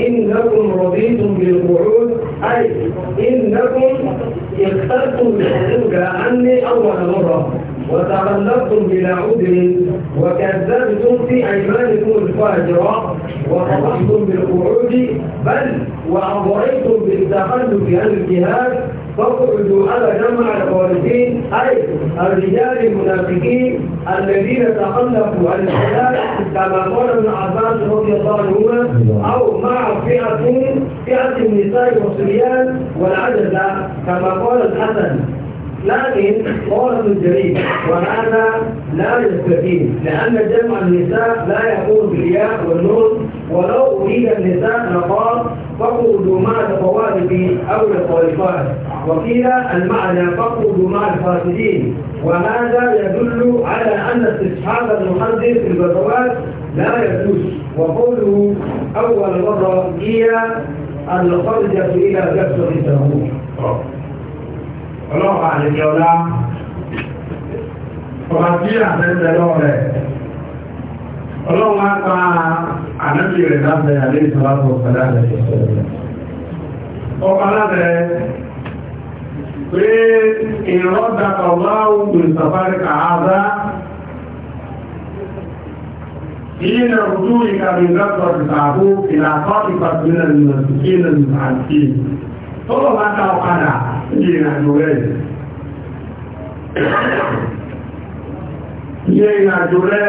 Speaker 2: إنكم رضيتم بالقعود أي إنكم اخترتم الخروج عني أول مرة وتغلبتم بلا عذر وكذبتم في أيمانكم الفاجرة وخلقتم بالقعود بل وأضريتم بالتخلف عن الجهاد فاخرجوا على جمع الخالدين أي الرجال المنافقين الذين تخلفوا عن الصلاة كما قال ابن عباس رضي الله عنهما أو مع فئة فئة النساء والصبيان والعجلة كما قال الحسن لكن قول ابن جرير وهذا لا يستفيد لأن جمع النساء لا يكون بالياء والنور ولو أريد اللسان لقال فقولوا مع القوالب أو الطائفات وقيل المعنى فقولوا مع الفاسدين وهذا يدل على أن استصحاب المحدث في البطوات لا يجوز وقوله أول مرة هي الخرجة إلى جسر التهور ọlọ́pàá يا الله ọba tí من lọ́rẹ̀ẹ́ ọlọ́run máa pa ànábì rẹ̀ lábẹ́ àlẹ́ ìsọ́lápọ̀ ọ̀pẹ̀lá rẹ̀ ọba lábẹ́ pé ìrọ́dà ọláhùn ìsọ̀fárí kàáza ìyínà ojú ìkàrìnlọ́pọ̀ ìtàkó ìlàkọ́ ìpàdínà ìlàkínà àti tọ́lọ̀ bá ta ọ̀padà ìrìnàjò rẹ̀ ìrìnàjò rẹ̀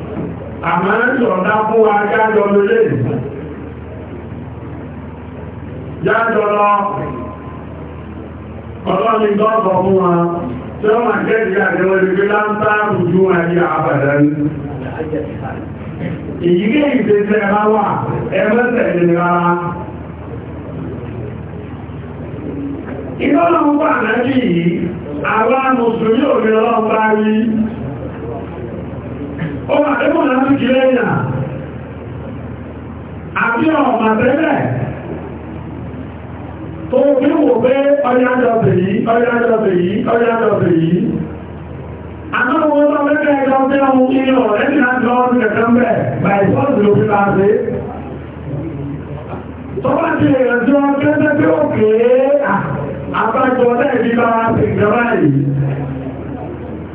Speaker 2: àmọ́ yọ̀ǹda fún wa jájọ lólè jájọ lọ ọlọ́ni gọ́ọ̀bọ̀ fún wa tí ó máa kẹ́ẹ̀kì àjẹ́wọ́ ìgbé láńtà rùjú àyí àbàdà ní ìyíké ìgbésẹ̀ bá wà ẹgbẹ́sẹ̀ ìnira ìgbọ́nà ń pàdánù yìí àwọn mùsùlùmí òmìnira ń bá rí ọmọ àdẹ́mọ̀ láti kìí lẹ́yìn àbí ọmọ àtẹ́lẹ̀ tó wíwò pé ọyájọ́bẹ̀ yìí ọyájọ́bẹ̀ yìí ọyájọ́bẹ̀ yìí anáwọn tó mẹ́rẹ̀ ẹjọ́ pé ọmọ ilẹ̀ ọ̀rẹ́ ní àjọ ọdún kẹta mẹ́ báyìí fọ́ọ̀dù ló fi láti tó bá ti rẹ̀ jọ kẹ́sẹ́ pé òkèé àbájọ ọdẹ́ ìdíbára sí ìjọba yìí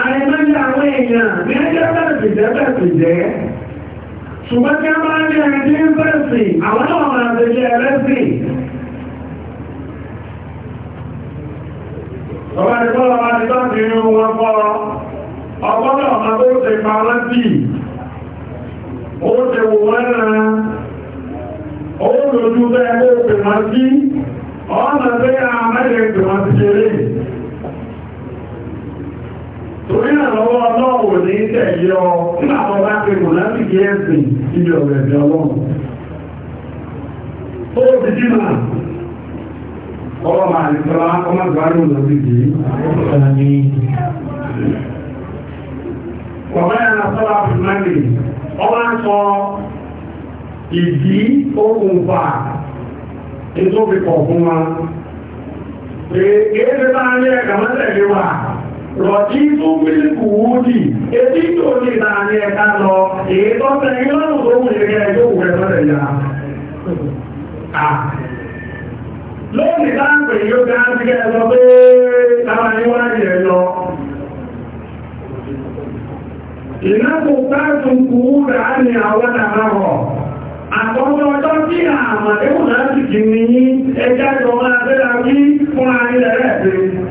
Speaker 2: àìmọ́jẹ́ àwọn èèyàn ní ẹjẹ́ bẹ̀rẹ̀ bẹ̀rẹ̀ jẹ́ ṣùgbọ́n tí a máa ń jẹ́ ẹjẹ́ bẹ̀rẹ̀ àwọn náà máa ń jẹ́ ẹlẹ́sìn ọba ti bọ́ ọba ti tọ́jú inú wọn fọ́ ọgbọ́dọ̀ ọmọ tó ṣe pa wọ́n sí ó ṣe wò wọ́n náà ó lójú bẹ́ẹ̀ torí na ọlọ́wọ́ ní tẹ̀lé ibi rọ̀tífù mílìkù wúdì etí tó lè láàrin ẹ̀ka lọ èyí tó tẹ̀yìn lọ́rùn tó wù lè ní àwọn àmàrọ̀ àkọ́jọ́ ọjọ́ tí àmàdéhùn láti kì ní ẹjá ìjọba abẹ́lá wí fún àrílẹ̀ rẹ̀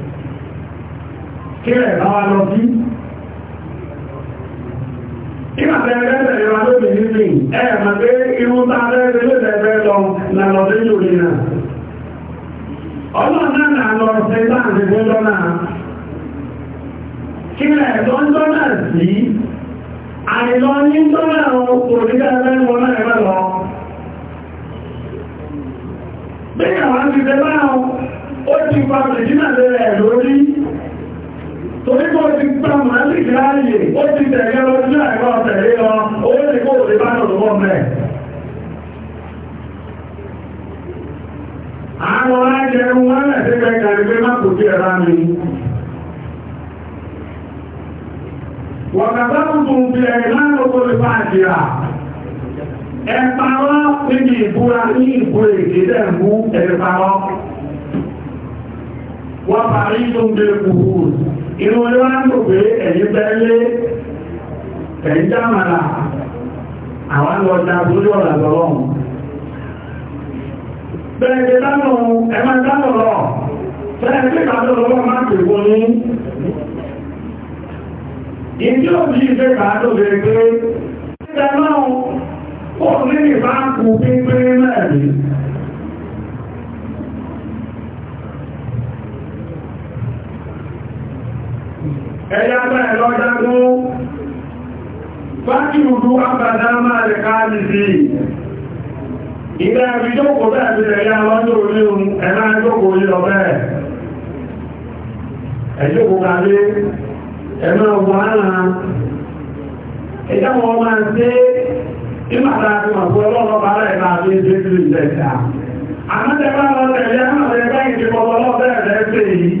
Speaker 2: kí rẹ̀ bá wá lọ bí ìgbà tẹ́lẹ̀ẹ́sẹ̀ ìwà tó bì ní sí ẹ̀ẹ̀mà pé irun tá lẹ́rẹ̀ lẹ́rẹ̀ lọ lọ sí ìlú rí náà ọlọ́nà náà lọ sí láàrin lọ́jọ́ náà kí rẹ̀ lọ́jọ́ náà sí àìlọ ní tọ́lá àwọn òdíkà ẹ̀rọ torí kò ti gbá màálì láàyè ó ti tẹ̀lé lọ sí àìkọ́ tẹ̀lé lọ ó lè kó lè bá lọ lọ́wọ́ mẹ́. àwọn ajẹun wọn lè ṣe kẹkẹ àgbẹ̀ má kò sí ẹ̀rá mi. wàkàtà tuntun fi ẹ̀yìn náà ló kó lè bá àjìyà. ẹ̀pàrọ̀ níbi ìbúra ní ìbú èdè dẹ̀mú ẹ̀pàrọ̀. wọ́n parí tó ń gbé kúrú irú olówó ń kò pé ẹ̀yìn bẹ́ẹ̀lé ẹ̀yìn dámàrà àwọn lọ́ta lórí ọ̀rọ̀ lọ́wọ́n bẹ́ẹ̀lé dánù ẹ̀mọ́ dánù lọ bẹ́ẹ̀lé dánù lọ́wọ́ máa pè kó ní ìdí òbí ìfẹ́ kàádọ́ bèèrè pé ìdánáà ó ní ìbá kù pínpín mẹ́rin bẹ̀rẹ̀ lọ́dágún bákí rúdú àbàdá máa rẹ̀ káàlì sí ilẹ̀ ìjókòó bẹ́ẹ̀ ti rẹ̀ yá lọ́jọ́ orí ohun ẹ̀má ìjókòó yìí lọ bẹ́ẹ̀ ẹ̀jókòó kàlé ẹ̀má ọgbọ̀n àrà ìjáwọ̀ máa ṣe ìmàdá àti màgbọ́ ọlọ́rọ̀ bá rẹ̀ máa fi ṣe sí ìjẹta àmọ́tẹ̀bá lọ tẹ̀lé àmọ́tẹ̀bá ìjẹ́kọ̀ọ́ lọ́bẹ̀ẹ̀rẹ̀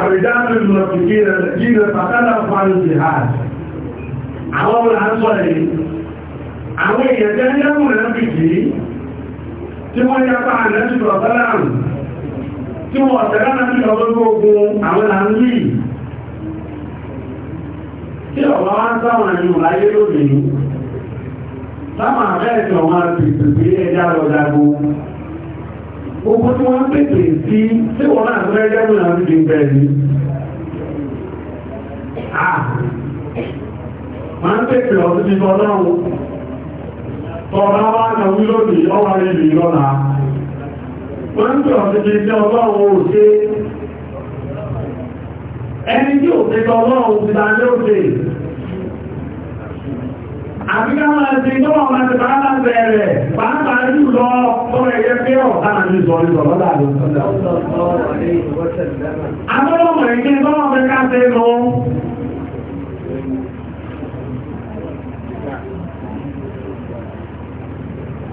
Speaker 2: àrìdáàmì lọ́pìkì rẹ̀ jí rẹ̀ pàtàkì fàánù jihad àwọn olùhànsọ́ yìí àwọn èèyàn jẹ́ yẹ́mù rẹ̀ pìkì tí wọ́n yá pa àrẹ́sì lọ́pẹ́lẹ́rùn tí wọ́n tẹ̀lá láti ọgbọ́gbọ́gbọ́n àwọn làńlì tí ọ̀wọ́ wá ń sáwọn ẹ̀yìn láyé lónìí sáwọn àbẹ́ ẹ̀tọ̀ wọn pìpìpì ẹjá gbogbo tí wọ́n pèpè sí tí wọ́n náà fẹ́ jẹ́mù náà ti bẹ̀ ní máa ń pèpè ọdún ti tọ́lọ́run tọ́lá wá náà wí lónìí ọwà ilẹ̀ ìlọ́la máa ń pè ọdún ti tẹ́ ọlọ́run ò ṣe ẹni tí ò ṣe tọ́lọ́run ti ta ní òṣèlú àbíká máa ti tọ́wọ́ máa ti bàá máa bẹ̀rẹ̀ pàápàá jù lọ tọ́wọ́ ẹ̀yẹ pé ọ̀tá náà ní sọ nípa lọ́dà ló ń sọ́dà. Àtọ́wọ́mọ̀ ẹ̀kẹ́ tọ́wọ́ fẹ́ ká ṣe lọ.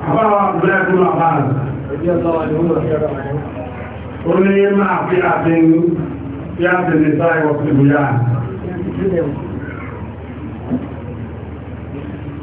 Speaker 1: Àbáwá bẹ̀rẹ̀ kúrò àbáàlù.
Speaker 2: Ó ní máa fi àti ń fi àti lè sáré wọ́pẹ̀ bóyá.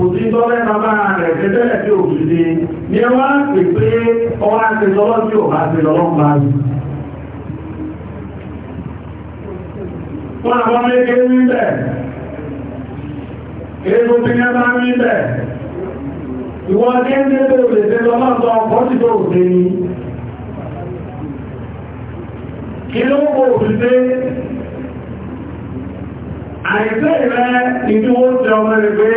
Speaker 2: òsì tọ́lẹ́ bàbá rẹ̀ tẹ́tẹ́lẹ̀ tí ò fi dé ní ẹwà pè pé ọwá ti lọ́lọ́ tí ò bá ti lọ́lọ́ bá rí wọ́n àwọn méje ní bẹ̀ eégún tí ní bá ní bẹ̀ ìwọ́n tí ń tẹ́tẹ́ ò lè tẹ́tọ́ náà sọ ọkọ̀ tí tó òfé ni kí ló kó òfin àìsẹ́ ìrẹ́ ìdí ó jẹ ọmọ rẹ̀ pé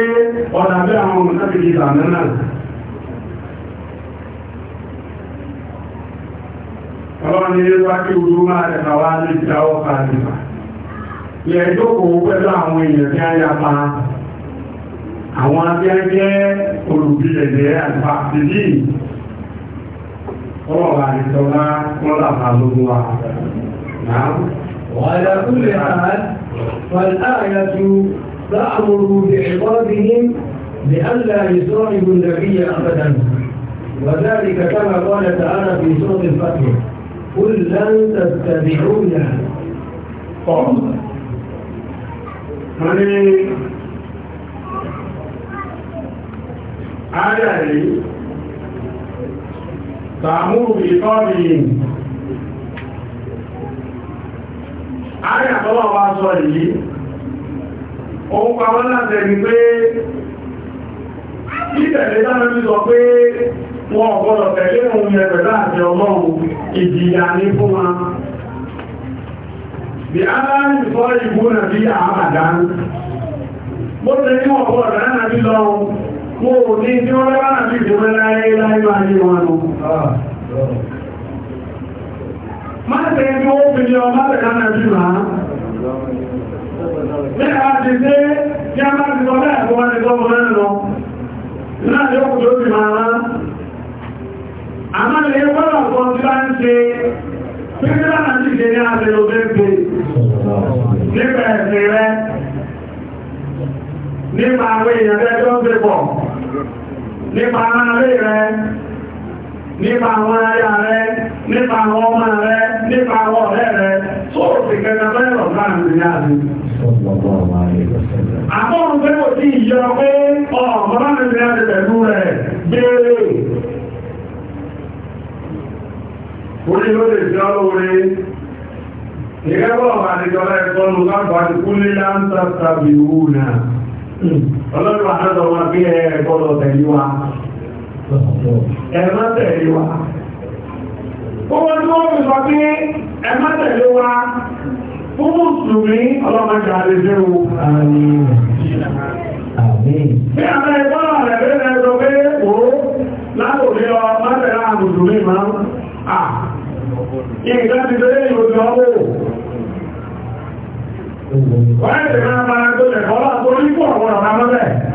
Speaker 2: ọ̀dà bí àwọn olùsáfìkì ìlànà náà ọlọ́run ní ilé wá kí ojú máa rẹ̀ta wá ní ìjà ọkà àdìbà yẹ ìjókòó pẹ̀lú àwọn èèyàn tí a yà pa àwọn abẹ́ẹ́jẹ́ olùbílẹ̀jẹ́ àgbà ìdí ọlọ́run àdìsọ́lá wọ́n làbà lógún wa náà وعلى كل حال فالآية تأمر بعقابهم لئلا يصاحبوا النبي أبدا وذلك كما قال تعالى في سورة الفتح قل لن تتبعونا يعني آية تأمر بعقابهم àárín àtọ́lọ́ wa sọ yìí òun pàwọ́ láti ẹni pé ti sọ pé wọn ọ̀gbọ́dọ̀ tẹ̀lé ohun yẹn pẹ̀lú ọlọ́run ní fún wa bí aláàrín sọ ìbú nà bí ní bí lọ má tẹ́ ní ó fi lọ má tẹ́ lánàá jù rà á lẹ́yà ti dé kí a má ti sọ bẹ́ẹ̀ kó wá ní sọ́mọ náà lọ náà yóò kú tó ti máa rán àmá lè wọ́nà kan tí bá ń ṣe pínlẹ̀ náà ti ṣe ní àbẹ̀lò bẹ́ẹ̀ nípa ẹ̀sìn rẹ nípa àwọn rẹ nípa nípa àwọn aya rẹ nípa àwọn ọmọ rẹ nípa àwọn ọ̀rẹ́ rẹ tó o sì kẹta bẹ́ẹ̀ lọ sáà ní àbí. àbọ̀rùn pé kò tí ì yọ pé ọ̀gbọ́n bá mi rẹ̀ pẹ̀lú rẹ̀ béèrè. orí ló lè jọ lóore ìrẹ́bọ̀ àdìjọba ìtọ́nù lápá ti kú ní láńtà tàbí wúna ọlọ́dún àdọ́dọ̀ wọn bí ẹ̀ ẹ̀kọ́ ẹ̀rọ tẹ̀lé wa gbogbo tí wọ́n fi sọ pé ẹ̀mọ́ tẹ̀lé wa fún mùsùlùmí ọlọ́mọdé àlejò wo. bí àwọn ẹgbẹ́ ọ̀rẹ́ bí ẹ sọ pé wò ó látòlé ọ mọ́tẹ̀lá mùsùlùmí máa ń à ìgbà ti lé ìròyìn ọwọ́ wọ́n ẹ̀sẹ̀ máa bá tó lẹ̀kọ́ lọ́wọ́ tó ní ọ̀wọ́ ọ̀rọ̀ náà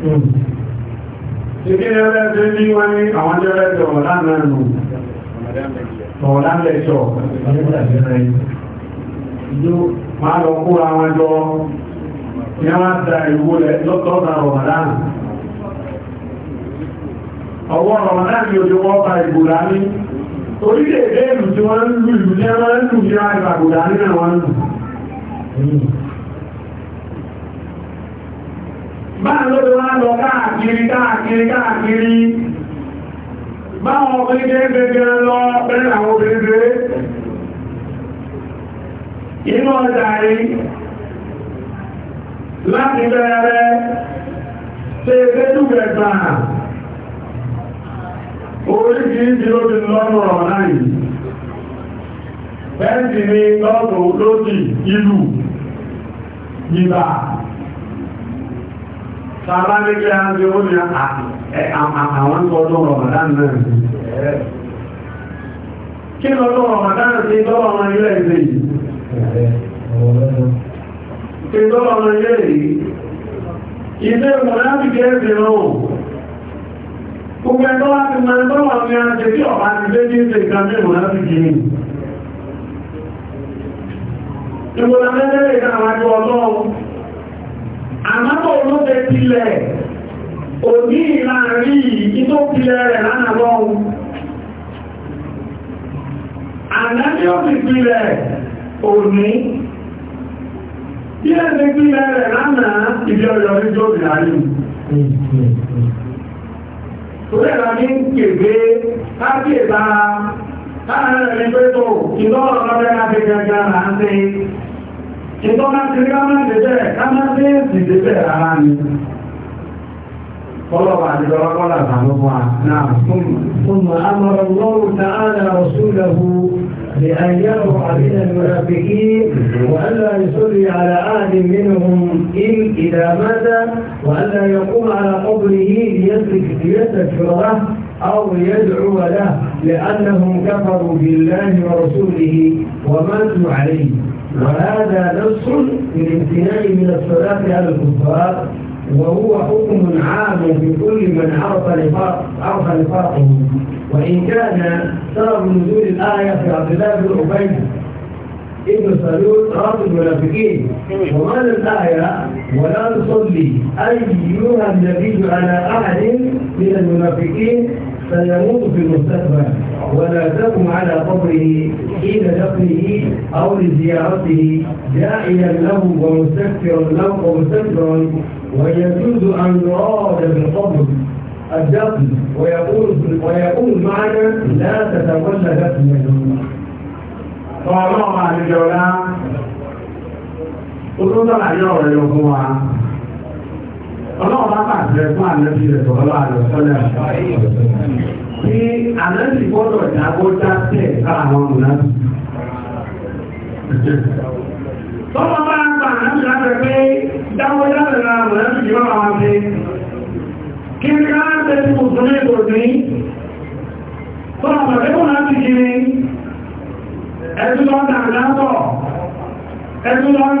Speaker 2: Ìkíni ẹlẹ́gbẹ́ ní wọ́n ní àwọn jẹ́ lẹ́jọ ọ̀lá náà nù. Ọ̀lá lẹ́jọ. Ìjó máa lọ kó àwọn jọ ní wọ́n da ìwó lọ́tọ́ta Ramadan. Ọwọ́ Ramadan ni ojú wọ́n pa ìgbòrá ní. Orílẹ̀-èdè ìlú tí wọ́n ń lù ìlú jẹ́ wọ́n ń lù ní àgbàgbòrá ní àwọn lù. báà lọ́dọ̀ wá lọ káàkiri káàkiri káàkiri báwọn ọkùnrin jẹ́ gẹ́gẹ́ lọ bẹ́rẹ̀ àwọn obìnrin inú ọjà rí láti bẹ̀rẹ̀ ṣe gẹ́dùgbẹ̀ gbà oríṣiríṣi lóbi lọ́rùn ọ̀rọ̀ náà yìí bẹ́ẹ̀ sì ni lọ́dọ̀ lódì ìlú ìbà Bàbá ní kí a ń jẹ oúnjẹ àwọn tó ọdún Ramadan náà sí. Kí lọ tó Ramadan sí tọ́lọ ọmọ ilé ìdè yìí? Kí tọ́lọ ọmọ ilé yìí? Ilé ìmọ̀láàbí kẹ́ẹ̀sì náà. Gbogbo ẹ̀tọ́ láti mọ ẹ̀tọ́ wà ní àjẹ́ tí ọ̀pá ti dé ní ìṣe ìkàmí ìmọ̀láàbí ọlọ́run àmọ́bọ̀ olóde pilẹ̀ òní ìlàrí ìdí tó pilẹ̀ rẹ̀ lánàá lọ́wọ́ àdájí ó ti pilẹ̀ òní bí ẹ̀sẹ̀ pilẹ̀ rẹ̀ lánàá ìdí ọ̀yọ̀ ní tó ìlàrí torí ẹ̀lá ní kèfé láti ìbára láàárín ẹ̀mí pẹ́tò ìdọ́ọ̀lọ́lọ́lẹ́ láti gẹ́gẹ́ ثم أمر الله تعالى رسوله بأن يرفع من المنافقين وألا يصلي على أحد منهم إذا مات وألا يقوم على قبره ليستغفر له أو يدعو له لأنهم كفروا بالله ورسوله وماتوا عليه وهذا نص للامتناع من الصلاة على الكفار وهو حكم عام لكل من عرف لفاق عرف نفاقه وإن كان سبب نزول الآية في عبد الله بن عبيد ابن سلول رب المنافقين ومعنى الآية ولا نصلي أيها النبي على أحد من المنافقين سيموت في المستقبل ولا تقم على قبره حين دفنه أو لزيارته داعيا له ومستكبرا له ومستكبرا ويجوز أن يراد بالقبر الدفن ويقول ويقول معنا لا تتولى دفنه فالله عز وجل قلت له يا رب ọlọ́run bá pàṣẹ fún ànábì rẹ̀ sọ̀rọ̀ àlọ́sọ́lẹ̀ tí ànábì gbọ́dọ̀ jágbó jáde káàwọn múná. tọ́lọ́ bá ń pa ànábì lábẹ́ pé dáwọ́ jáde ra múnábì yìí wọ́n máa fi kí n ká ṣe tí mo ní ìbòsí tọ́lọ́ bá dé múnábì kiri ẹ̀dùn lọ́ta àdáńtọ̀ ẹ̀dùn lọ́ta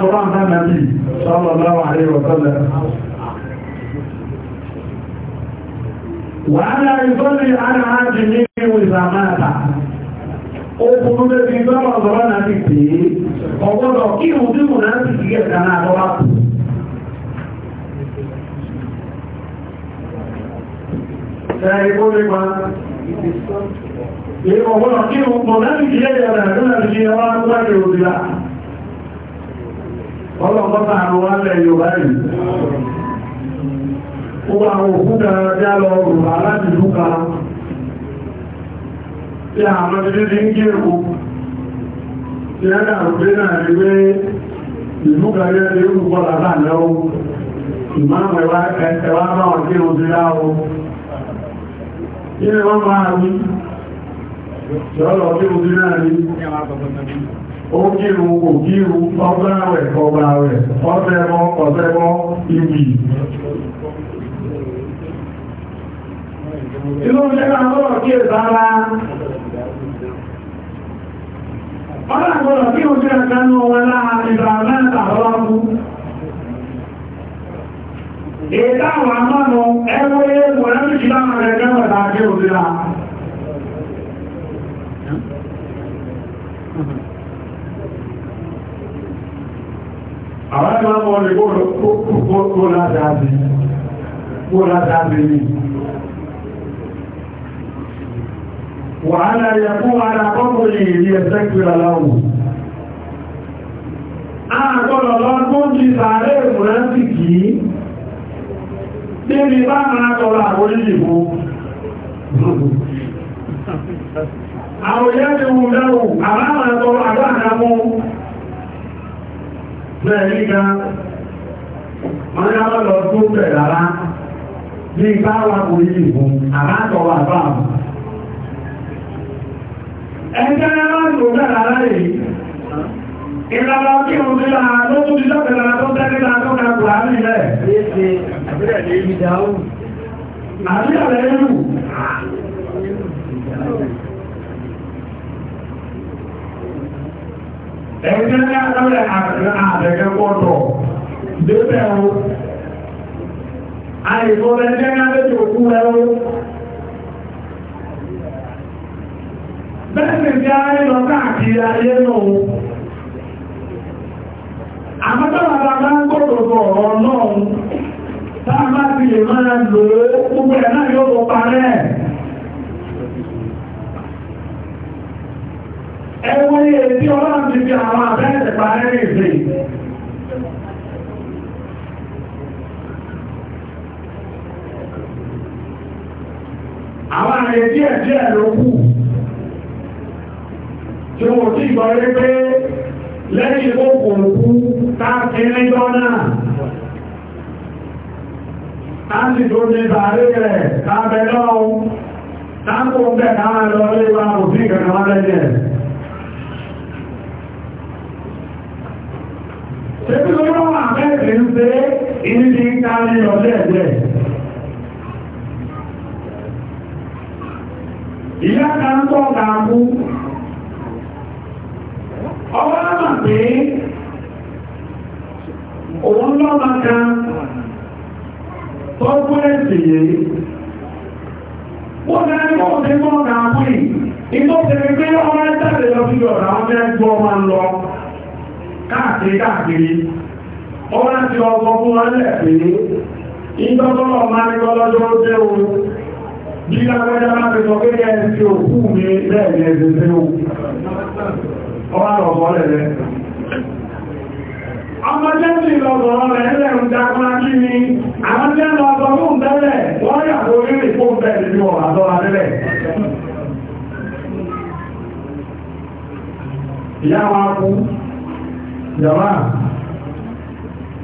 Speaker 2: sọ́rọ̀ ń dáná bí sallallahu alaihi wa sallam wàhálà ìsọ́lì aláàjì ní ìwé ìsàmáta ó kúrú lẹ́bí sọ́rọ̀ sọ́rọ̀ náà ti pè é ọgbọ́dọ̀ kí ìhùn tí mò náà ti kìí ẹ̀ka náà lọ́wọ́ kù
Speaker 1: Ẹ̀rí kó lè máa
Speaker 2: ìgbọ̀gbọ́n kí òun pọ̀ láti ìdílé ìyàrá ìrìnàjò àwọn agbájẹ̀ òbílá. ọlọ́pọ̀ta àwọn alẹ́ Yorùbá yìí ó wà àwọn òkúta lọ rùbá láti lúka tí àwọn títí ń gé èkó tí a dà rùgbé náà rí pé ìlúka yẹ́ ti a bọ́lá lẹ́wọ́ ìmáàmù ẹwà bá kí o ti láwọ́ kí ni wọ́n máa rí tí ọlọ́ ó kíru kò kíru ọgbàwẹ̀ ọgbàwẹ̀ ọ̀sẹ̀mọ́ ọ̀sẹ̀mọ́ inú ṣe máa kí è sára ọlọ́gbọ́rọ̀ kí o ṣe ẹ̀kánú wọn láà ìgbà mẹ́ta ọlọ́gbù ètàwọn amọ́nu ẹgbẹ́ ẹgbẹ́ ẹgbẹ́ ẹgbẹ́ ẹgbẹ́ ẹgbẹ́ àwọn ẹgbẹ́ ọmọ rẹ̀ kó látàájú ní wàhálà yẹ fún ara kọ́kọ́ lè rí ẹ̀sẹ́ kìrì aláwọ̀ àgbọ́lọ̀ lọ́gbọ́n ti sàárẹ̀ ìmúrántì kìí débi bá máa tọrọ àwọn ìdìbò àwòyẹ́ ti wù lẹ́wù àwọn àtọrọ àgbà àmú lẹ́yìn ní wọ́n lọ ní ìbò àbátọ̀ wà bá ẹgbẹ́ náà lò bẹ̀ rárá yìí kí o ní la ló tún ti sọ́bẹ̀ tó tẹ́lẹ̀ náà tó kàkù àmì rẹ̀. ẹ̀jẹ̀ ní àtàlẹ̀ àtẹ̀kẹ́ pọ̀tọ̀ débẹ̀ o àìsàn ẹ̀jẹ̀ ní àtẹ̀kẹ́ òkú rẹ̀ o bẹ́ẹ̀sì tí a rí lọ káàkiri ayé náà àmọ́tọ́wàdà bá ń gbọ́dọ̀dọ̀ ọ̀rọ̀ náà tá a bá ti lè máa lò ó gbogbo ẹ̀ náà yóò parẹ́ ọlọ́run ti fi àwọn àbẹ́ẹ̀tẹ̀ parẹ́ ní ìsìn àwọn àrẹ díẹ̀ díẹ̀ ló kù tí wọ́n ti gbọ́ rí pé lẹ́yìn tó kò kú táàkì níjọ́ náà láti tó ní bàárí rẹ̀ tábẹ̀ lọ́wọ́ táàkì ó bẹ̀ náà lọ lé wa kò sí ìkẹ̀kẹ̀ wọ́n lẹ́yìn nítorí wọ́n wà mẹ́rin ń pé ìrìnlẹ̀ ń kárí ọdẹ́ ẹ̀dẹ́ ìyá ká ń tọ́ ọ̀gá mú ọwọ́ lámà pé òun lọ́mà kan tó gbé ẹ̀sìyè wọ́n náà ní wọ́n ti tọ́ ọ̀gá mú yìí ìtọ́sẹ̀rẹ̀ pé ọmọ ẹ̀tẹ́lẹ̀ lọ sí ọ̀rọ̀ àwọn ẹgbẹ́ ó wá ti ọkọ̀ fún wọn lẹ̀ pé ìgbọ́gbọ́lọ̀ máa ní kọ́lọ́jọ́ ó dé o bí lágbẹ́jọ́ máa fi sọ pé ẹ̀ ti òkú mi lẹ́ẹ̀ni ẹ̀sẹ̀ sí o ó wá lọ́kọ́ lẹ̀lẹ́ ọmọ jẹ́sì lọ́gbọ̀ rẹ̀ ẹlẹ́ ń dákúnlá kí ni ìyá wa kú jọba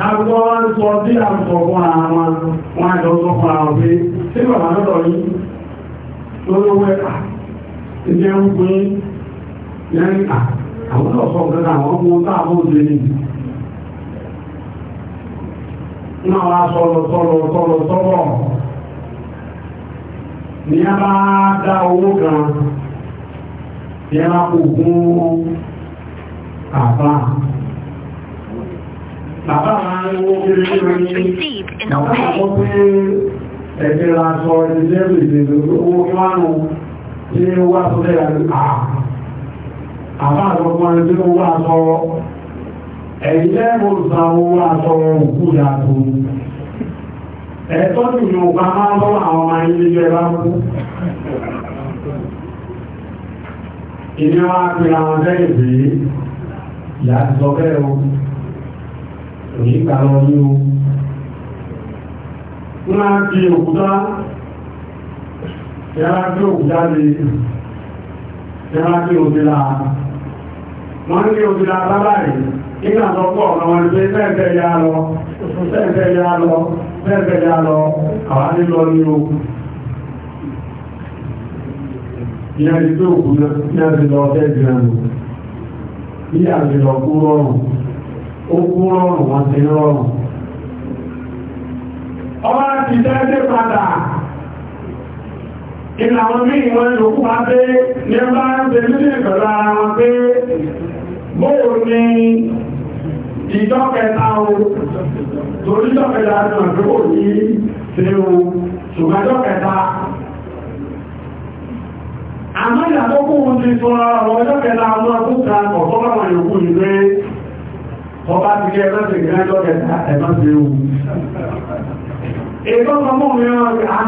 Speaker 2: kágbọ́ wá bí a sọ fún ara wọn wọ́n àjọ sọ fún ara pé tí bàbá lọ́dọ̀ yìí lórówó ẹ̀ka ìjẹ́ ń pín lẹ́yìn àwọn ní ní bá dá owó kan ní bá Bàbá máa ń wó kiri ní la sọ ilé ìdè owó márùn tí ó wá sọ lẹ́yà ní àbá àtọ́gbọ́n tí ó wá sọ ẹ̀yẹ́ olùsàn owó aṣọ òkú yàtọ̀. Ẹ̀tọ́ nìyí ò bá máa lọ́wọ́ àwọn ọmọ ilé ìjọba bá kú. Ìní wá àwọn kò ní lọ ní o máa di òkúta yára gbé òkúta lè yára gbé òdìlà wọ́n ní òdìlà bábáyé nígbà tó pọ̀ ọ̀nà wọn pé bẹ́ẹ̀ yá lọ bẹ́ẹ̀ yá lọ bẹ́ẹ̀ yá lọ àwọn nílọ ní o ìyá ti òkúta ní àti lọ bẹ́ẹ̀ gbìyànjú ní àti lọ kú rọrùn ó kú rọrùn wọn ti rọrùn. ọba ti tẹ́lẹ̀ padà ìlà àwọn míì wọn ló kú wá pé ní ọba ń ṣe nílé pẹ̀lú ara wọn pé bóò ni ìjọ́kẹta o torí ìjọ́kẹta ni ọ̀dọ́ ní ṣe o ṣùgbọ́n ìjọ́kẹta àmọ́ ìyàtọ̀ kó wọn ti sọ ọjọ́kẹta ọmọ ọdún kan ọ̀tọ́ báwọn yòókù yìí pé ọba ti jẹ́ ẹgbẹ́ ìrìn àjọ ẹ̀ta ẹ̀mọ́ sí ewu ẹgbẹ́ ọmọ mi wọ́n rí à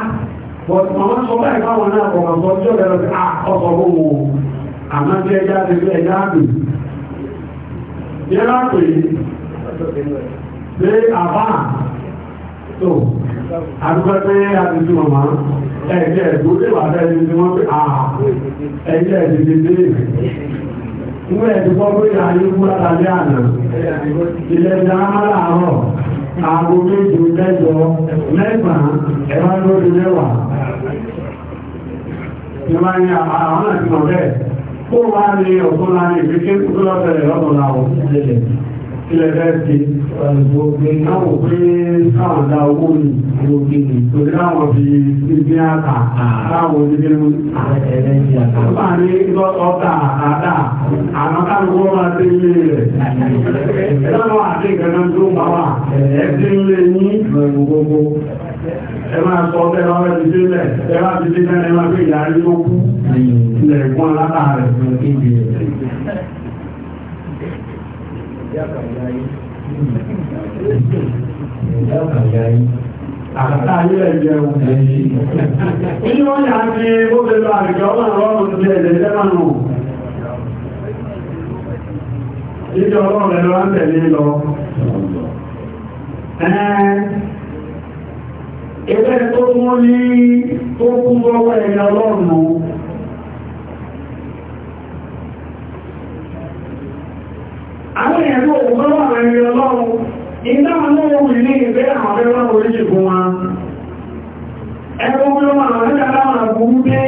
Speaker 2: bọ̀tùmọ̀ sọ bá ìbáwọn náà kọ̀ọ̀kan sọ jọ ẹ̀rọ sí ah, ọkọ̀ owó àmọ́ jẹ́ ẹjá ti rí ẹjá àgbè yẹ́rà pé pé àbá tó àdúgbẹ́ pé àdúgbẹ́ màmá ẹ̀jẹ̀ ẹ̀dúgbẹ́ wà bẹ́ẹ̀ ni wọ́n pé à ah, ẹ̀jẹ̀ ẹ̀dúgbẹ́ inú ẹ̀ ti pọ́pọ́ ìyá ní kúrò tàbí àná ilẹ̀ ìdáhàmàlà àárọ̀ aago méje mẹ́jọ mẹ́gbàá ẹ̀rọ lórí mẹ́wàá ní wá ní àwọn àti mọ̀ bẹ́ẹ̀ kó wá ní ọ̀tún láàrin ìgbésẹ̀ tó lọ́sẹ̀rẹ̀ lọ́tọ̀ láwọn ilẹ̀ fẹ́ẹ̀sì gbogbo náwó pé sáwọ̀dá owó ní gbogbo ní torí láwọn fi níbi àtà láwọn níbi mú ẹ̀rẹ́ ní àtà. Bá ní ọ̀tà àtà àwọn káàkiri máa ti ń lé rẹ̀. Láwọn àti ìgbẹ́nà tó bá wà ẹ̀ ti ń lé ní gbogbo. Ẹ máa sọ ọ́ tẹ́lá ọ̀rẹ́ ti délẹ̀, ẹ máa ti délẹ̀ ẹ máa gbé ìyá rí ó kú ilẹ̀ ìgbọ́n látàrẹ̀
Speaker 1: Àkàtà
Speaker 2: ayé ẹ̀jẹ̀ òun ẹ̀yí. Inú wọ́n yà fi ó lè lọ àrìkà ọlọ́run ọlọ́run ti ẹ̀jẹ̀ lẹ́mà nù. Ìjọ ọlọ́run rẹ̀ lọ́wọ́ ń tẹ̀lé lọ. Ẹ̀ẹ́ ẹgbẹ́ tó mú ní tó kú lọ́wọ́ ẹ̀yà ọlọ́run àwọn èèyàn tó òkú lọ́wọ́ àwọn ẹni ọlọ́run ìdáwọn náà wù ní ìfẹ́ àwọn abẹ́rẹ́ oríṣìí fún wa ẹgbẹ́ lọ́wọ́ àwọn ẹgbẹ́ aláwọ̀ àbúrú dé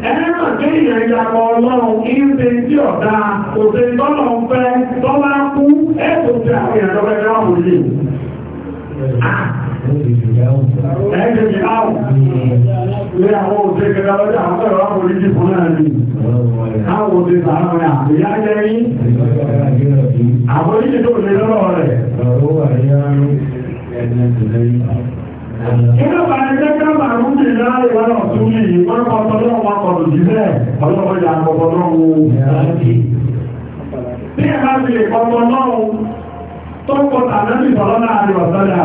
Speaker 2: ẹ̀rọ tó ìyàn Ẹ̀ẹ́dẹ̀ ti áwọ̀ ní àwọn òṣè kẹta lọ́jà àwọn ẹ̀rọ àpòlítì fún náà ni. Àwọn òṣè sàánà rẹ̀ àbíyá jẹ́ yín. Àpòlítì tó lè lọ́rọ̀ rẹ̀. Inú bàrẹ̀ jẹ́ kí wọ́n máa ń bí náà ìwà náà tún ní ìwọ́n kọ́tọ́ náà wọ́n kọ̀ọ̀dù jù bẹ́ẹ̀ ọlọ́wọ́ ìyá àkọ́kọ́ náà wò. Bí ẹ̀ bá ti lè kọ́tọ́ náà tó kọ́tà náà ti sọ̀rọ̀ náà àríwọ̀ sọ́dà.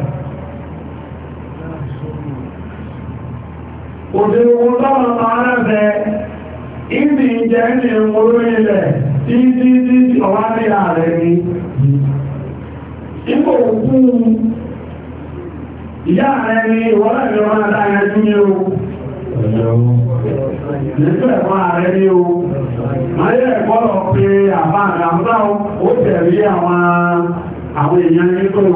Speaker 2: òdìwò lọ́wọ́ ní orí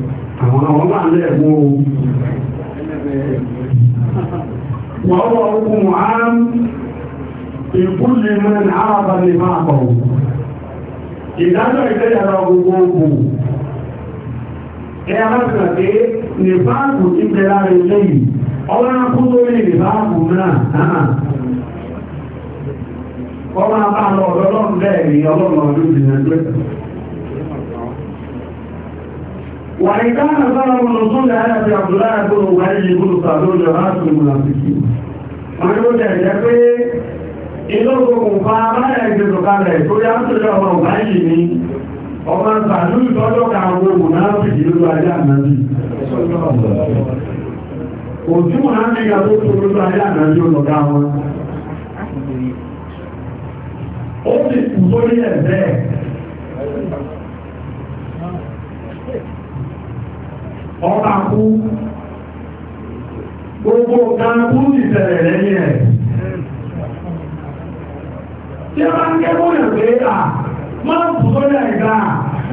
Speaker 2: ilẹ̀ àwọn ọmọ àlẹ́ ẹ̀kọ́ وهو حكم عام في كل من عرف نفاقه ìdájọ́ ìgbéyàwó gbogbogbò ẹ alábìnà pé nìfáàkù ti bẹ lára ilé yìí ọlọ́run kú lórí وإن كان سبب نزول آية عبد الله بن أبي بن سعدون رأس المنافقين wọ́n jẹ́ jẹ́ pé inú ogun fa amáyà ìgbésò kalẹ̀ tó yá ọmọ ni ọmọ ka àwọn ogun náà fi jìlú lọ ayé ànájú òtí mọ̀ náà nígbà tó tó lọ ayé ànájú ọlọ́gá wọn ọba kú gbogbo kan kú ti tẹ̀lẹ̀ lẹ́yìn ẹ̀ tí a bá ń kẹ́kọ̀ọ́ yẹn pé à máa ń kú sórí àìdá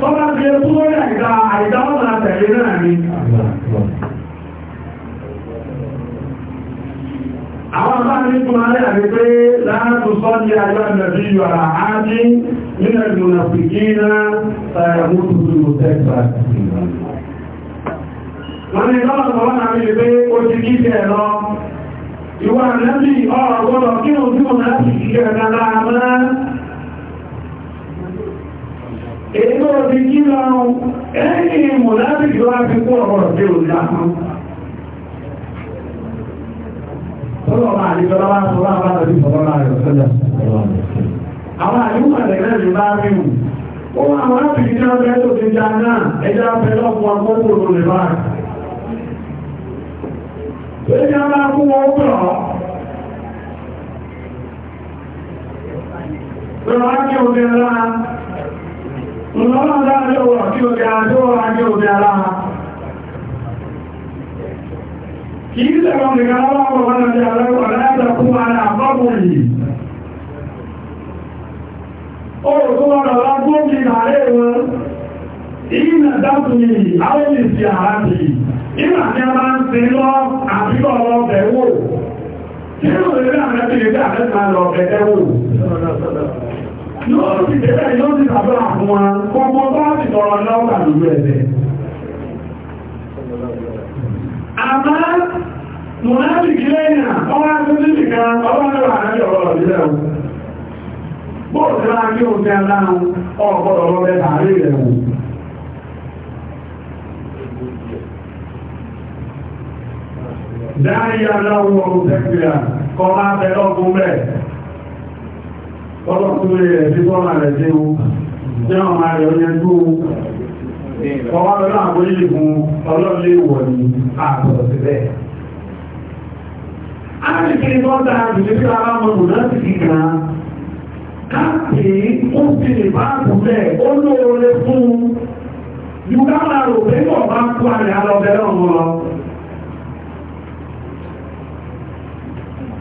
Speaker 2: tọ́lá ti ẹ kú sórí àìdá àìdá wọn máa tẹ̀lé náà ni. àwọn àbáni tún alẹ́ àti pé láàtò sọ́dí àjọ́ ìdàbí yọ̀rọ̀ ájí nínú ìlú nàpìkì náà tàyàmú tuntun tẹ́gbà wọ́n ni lọ́nà tọ́wọ́n náà rí pé ó ti kí tẹ̀ lọ ìwà lẹ́bí ọ̀rọ̀ gbọ́dọ̀ kí o tí o náà ti kí ẹ̀rẹ́ láàmúlá èyí tó ti kí lọ ẹ̀yìn mù láti jọ àti kú ọ̀rọ̀ tí o dáhùn Ọlọ́run àdìjọba wá sọ láàbá àti ìfọ̀lọ́lá rẹ̀ sọ́jà. Àwọn àdìmọ̀ ẹ̀rẹ́ rẹ̀ bá rí wù. Ó wà àwọn láti ìjọba ẹ̀tọ́ ti já náà, ẹjá pẹ̀lú ọkùnrin akọ́kùnrin rẹ̀ báyìí. Èyí a máa fún wọn pọ̀ ọ́. Lọ́wọ́ á kí òde ara. Lọ́wọ́ dáadé wọ̀ kí òde àjọ wọ́n á kí òde ara. Kì í sẹ̀rọ nìkan lọ́wọ́ pọ̀ wọn àti àlẹ́wọ̀ láti fún ara àbábò yìí. Ó tó wọn lọ wá gómìnà àárẹ̀ wọn. Ìyí nà dákùnrin àwọn ìsìn àárẹ̀ yìí nígbà tí a bá ń ṣe lọ àbíkọ́ lọ bẹ̀wò nínú ìrírí àmẹ́bí ìrírí àmẹ́ta lọ bẹ̀wò yóò ti tẹ́lẹ̀ yóò ti tàbí àwọn kọ́kọ́ bá ti tọrọ lọ́wọ́ àlúrú ẹ̀sẹ̀ àmá mọ̀láàbì kílẹ̀yìn ọwá tó ní nìkan ọwá lọ́wọ́ àrẹ́bí ọ̀rọ̀ ìlẹ̀ Bóòdì láàrin òun tẹ́ láàrin ọ̀pọ̀lọpọ̀ mẹ́ta rí rẹ̀ wù. dáyé aláwọ̀ òtẹ́kìlá kọ máa bẹ lọ́gbọ́n bẹ́ẹ̀ ọlọ́tún rẹ̀ tí bọ́nà rẹ̀ dé o jẹ́ ọmọ rẹ̀ ó yẹn tó o ọwọ́ lọ́nà àgbóyè fún ọlọ́lé ìwọ̀ ní àbọ̀rọ̀ sí bẹ́ẹ̀ Àríkiri tó ń dára jù nípa alámọ̀rún láti kíkà káàkiri ó fi lè bá kúlẹ̀ ó lóore fún yúgá máa rò pé kọ̀ bá kú àrẹ alọ́bẹ̀rẹ̀ ọmọ lọ.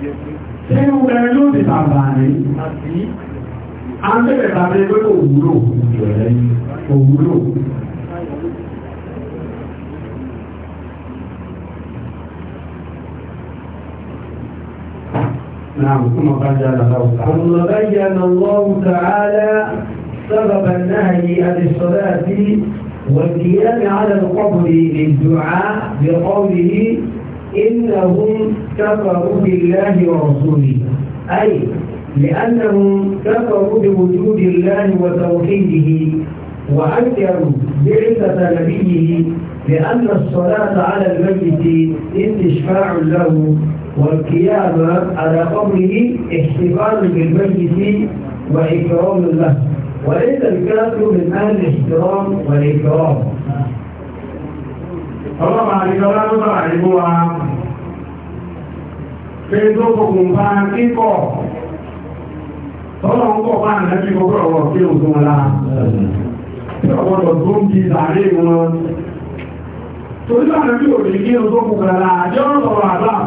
Speaker 2: نعم ثم الله تعالى ثم بين الله تعالى سبب النهي عن الصلاة والقيام على القبر للدعاء بقوله إنهم كفروا بالله ورسوله أي لأنهم كفروا بوجود الله وتوحيده وأنكروا بعثة نبيه لأن الصلاة على الميت استشفاع له والقيام على قبره احتفال بالميت وإكرام له وليس الكافر من أهل الاحترام والإكرام ọlọ́pàá àríkọlá ló sọ̀rọ̀ àríkó wa pé tó kòkùn fa kíkọ̀ tọ́lọ̀ ń kọ̀ bá nǹkan tí ọ̀rọ̀ kí o tún la tí ọ̀pọ̀lọ̀ tó ń di sàárè wọn torí bá nǹkan tí o lè kí o tó kòkòrò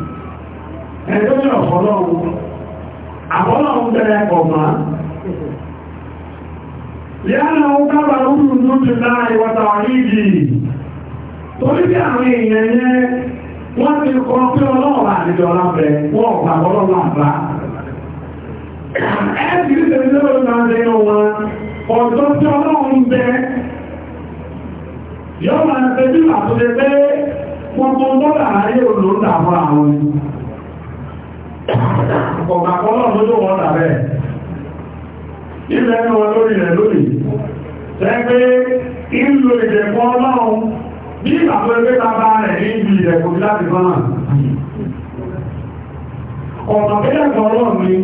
Speaker 2: ẹjọ́ ní ọ̀fọ́lọ́run àfọ́lọ́run tẹ́lẹ̀ ọ̀mà yánà ó kábà lóòrùn ló ti náà ìwọ̀ta oríjì torí bí àwọn èèyàn yẹn wọ́n ti kọ́ pé ọlọ́ọ̀rọ̀ àdìjọ lábẹ́ wọ́n ọ̀pá ọlọ́ọ̀rọ̀ àbá ẹ̀ẹ́dì ní tẹ̀lé lọ́rọ̀ náà lé wọn ọ̀dọ́ tí ọlọ́run bẹ yọ́ máa tẹ́jú àtúndẹ́ pé wọ́n tó ń bọ́dà ayé òun ló ń dàmọ́ àwọn ẹni ọ̀gbà kan náà lójú wọn làbẹ́ ilẹ̀ ẹnu lórí rẹ̀ lórí ọlọ́run bí ẹgbẹ́ rẹ̀ ní ibi ìdẹ̀kùn láti fọ́nà ọ̀nà pẹ́lẹ̀kùn ní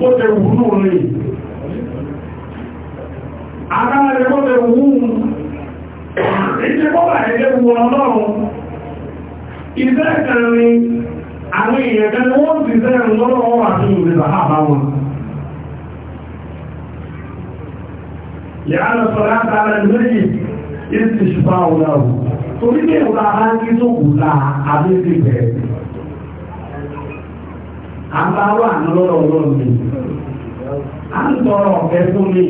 Speaker 2: bó tẹ wù ní òun lè agbára rẹ̀ bó tẹ wù ún ìṣẹ́ bọ́bà ẹgbẹ́ wù ọlọ́run iṣẹ́ ìkẹrin àwọn èèyàn kan wọ́n ti sẹ́ lọ́wọ́ àti ìrìnlẹ̀ àbá wọn yàrá sọ̀rọ̀ àtàrà lórí ìsìṣùpá ọ̀làwò torí pé ìwà á ń kí tó kù láà àbí ti bẹ̀rẹ̀ à ń bá wà lọ́rọ̀ ọlọ́run mi à ń tọrọ ọ̀fẹ́ fún mi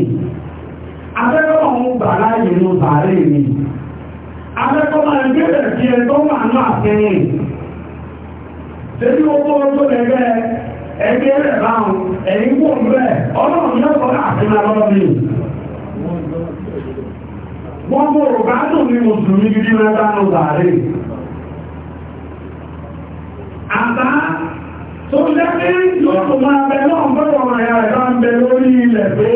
Speaker 2: afẹ́kọ́ ọ̀hún gbà láàyè ló bàárẹ̀ mi afẹ́kọ́ máa ń gbé bẹ̀rẹ̀ sí ẹ tó wà ní àfẹ́yìn tẹ́lú owó tó lẹ́gbẹ́ ẹgbẹ́ rẹ̀ báwọn ẹ̀yìn kò ń bẹ̀ ọlọ́run yóò kọ́ àfihàn mi mùsùlùmí gidi rẹ̀ bá ló bàárẹ̀ tó lẹ́gbẹ́ yóò tó máa bẹ náà bọ́rọ̀ àyà rẹ̀ bá ń bẹ lórí ilẹ̀ pé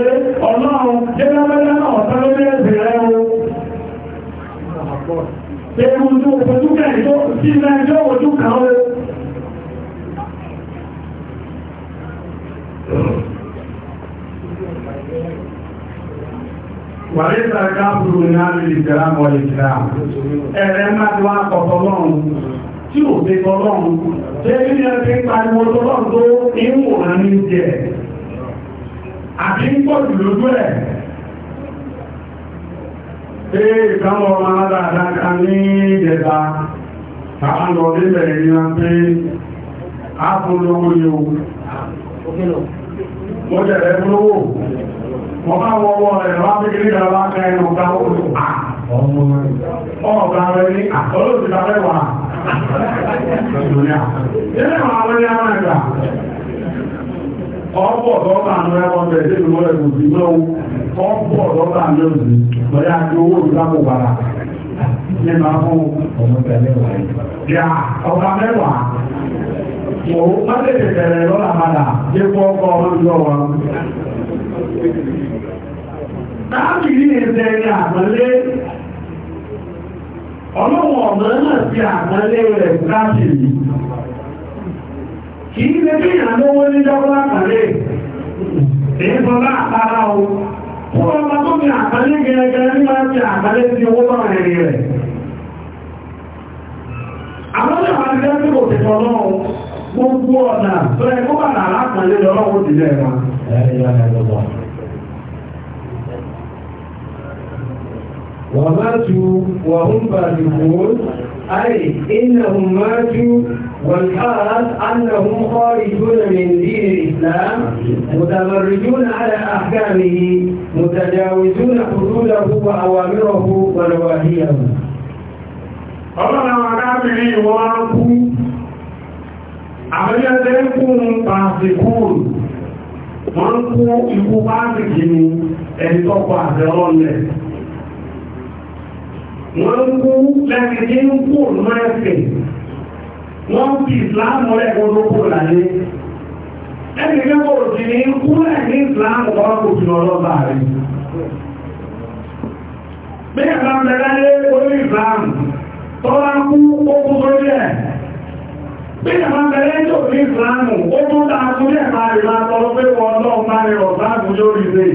Speaker 2: ọlọ́run jẹ́lẹ́lẹ́lẹ́ náà tán lórí ẹ̀sẹ̀ rẹ̀ o Ewu tó ojú kẹ́yìn tó sí ilẹ̀ ẹjọ́ ojú kan o. Wàlé sàrẹ́ká búrú ní àrílì ìjẹ́lá mọ̀ ìjẹ́lá. Ẹ̀rẹ́ máa ti wá tí ò fi ọlọ́run tẹ́lẹ̀ ní ẹgbẹ́ pariwo tọ́lọ́run tó ìwò àmì jẹ àti ń pọ̀ jù lójú ẹ̀ ee ìkáwọn ọmọ aládáadáa ká ní ìjẹta àwọn lọ nílẹ̀ ìrìnà pé pé kí nígbà bá kẹ́ ẹnu ọ̀gá rẹ̀ ní àkọlù ìdáfẹ́ Ọ̀pọ̀ ọ̀dọ́ta àmì ẹwọ́n bẹ̀rẹ̀ tí ìlú ẹ̀kù sí lọ́wọ́, ọ̀pọ̀ ọ̀dọ́ta àmì òsì lọ́yá tí owó ìdápò bàrà ní máa fún ọmọdé mẹ́wàá yìí. Yà ọ̀gá mẹ́wàá, òun ọlọ́wọ̀n ọ̀nà náà fi rẹ̀ láti kì í lè bí ìrànlọ́wọ́ ní dáwọ́lá kàlẹ̀ ìfọ́lá àpárá o fún ọba tó fi àmọ́lé gẹ́gẹ́ nígbà tí owó bá rẹ̀ rẹ̀ àwọn وماتوا وهم بالغون أي إنهم ماتوا والحال أنهم خارجون من دين الإسلام متمردون على أحكامه متجاوزون حدوده وأوامره ونواهيه ọlọ́run arábìnrin ìwọ̀n kú àwọn ẹgbẹ́ kú ń pàṣíkúrù wọ́n kú ikú pàṣíkì ní ẹni tọ́pọ̀ àtẹ́lọ́lẹ̀ wọ́n ń kú láti dé ń kú òun ẹ̀sìn wọ́n ń fi ìsìláàmù rẹ̀ kó ló kó lálé ẹni kẹ́kọ̀ọ́ òsì ní kú rẹ̀ ní ìsìláàmù wọn kò fi ọlọ́ba rẹ̀ bí ẹ̀ka ń bẹ̀rẹ̀ lé orí ìsìláàmù tọ́lá kú ó kú sórí ẹ̀ bí ẹ̀ka ń bẹ̀rẹ̀ tó ní ìsìláàmù ó tún dáa tún ní ẹ̀ka ìlà tọ́lọ́ pé wọn náà máa rẹ̀ ọ̀sán àbújọ́ ìrìn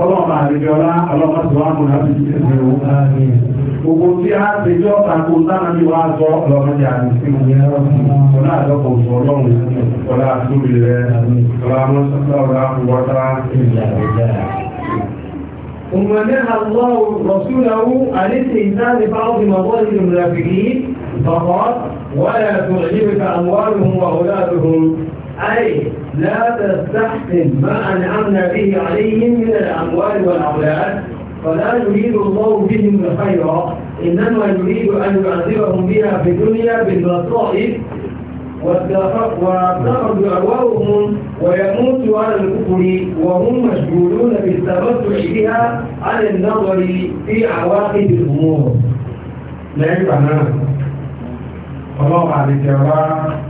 Speaker 2: ọlọ́ọ̀bà àrẹjọlá ọlọ́mọ́síwáàmù láti ìṣẹ́ gbogbo tí a ti jọ́ tako tánàbí wá sọ ọlọ́mọdé àdìsí ọlá àjọpọ̀ òṣù ọlọ́run ọlá àtúbì rẹ̀ ọlá mọ́sọ́lá ọlá àwọ̀tá ومنع الله رسوله عن استهزاء بعض مظاهر المنافقين فقال ولا تعجبك اموالهم واولادهم أي لا تستحسن ما أنعمنا به عليهم من الأموال والأولاد فلا يريد الله بهم الخير إنما يريد أن يعذبهم بها في الدنيا بالمصائب وتخرج أرواحهم ويموت على الكفر وهم مشغولون بالتمتع بها على النظر في عواقب الأمور. لا يبقى الله عليك يا رب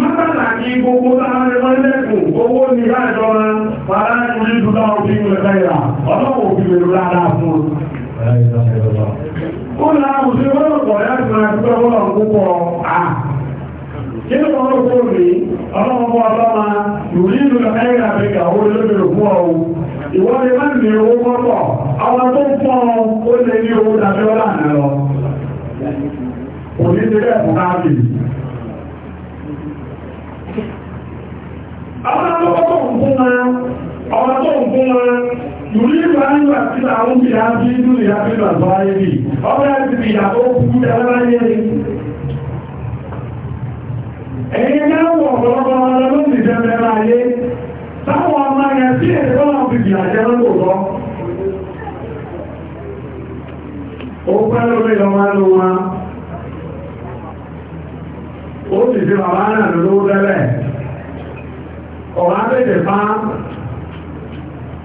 Speaker 2: Mátàlàkì gbogbo táwọn ẹlẹ́kùn owó ní láìjọ́ rán, pàdá ìrìn ìdúdá òbí ìrẹ̀lẹ́ ìrà, ọlọ́wọ̀ òbí ìrẹ̀lẹ́ dáadáa fún un. Ó láàrùn sí ọlọ́pọ̀ láti máa gbẹ́ ọlọ́run púpọ̀ àà. Kí ló wọ́n ló kó rí, ọlọ́pọ̀ ọlọ́mà, ìwòrí ìlú ẹ̀rẹ́ àfẹ́kà ó lóbìnrin fún ọ̀hún. Ìwọ́n lè má ní owó mọ́tọ̀, àwọn tó ń pọ́n ó lè ní owó dàbí àwọn akọ́kọ́ tó ń fún wọn ọmọ tó ń fún wọn yìí nípa nígbà tí àwọn bí i àti inú ìyá fi lọ sọ ayé bí ọmọ ẹ̀sì bí ìyá tó kú dáadáa ayé ni ẹ̀yẹ náà wọ̀ ọ̀pọ̀lọpọ̀ ọmọ ló ti jẹ́ bẹ́ẹ̀ ayé táwọn ọmọ yẹn sí ẹ̀kọ́ náà fi bì àjẹ́ lọ́tọ̀ọ̀tọ̀ ó pẹ́ lórí ọmọ ẹlò wọn ó sì fi bàbá náà lówó tẹ́lẹ̀ ọ̀rọ̀ abẹ́jẹ̀ bá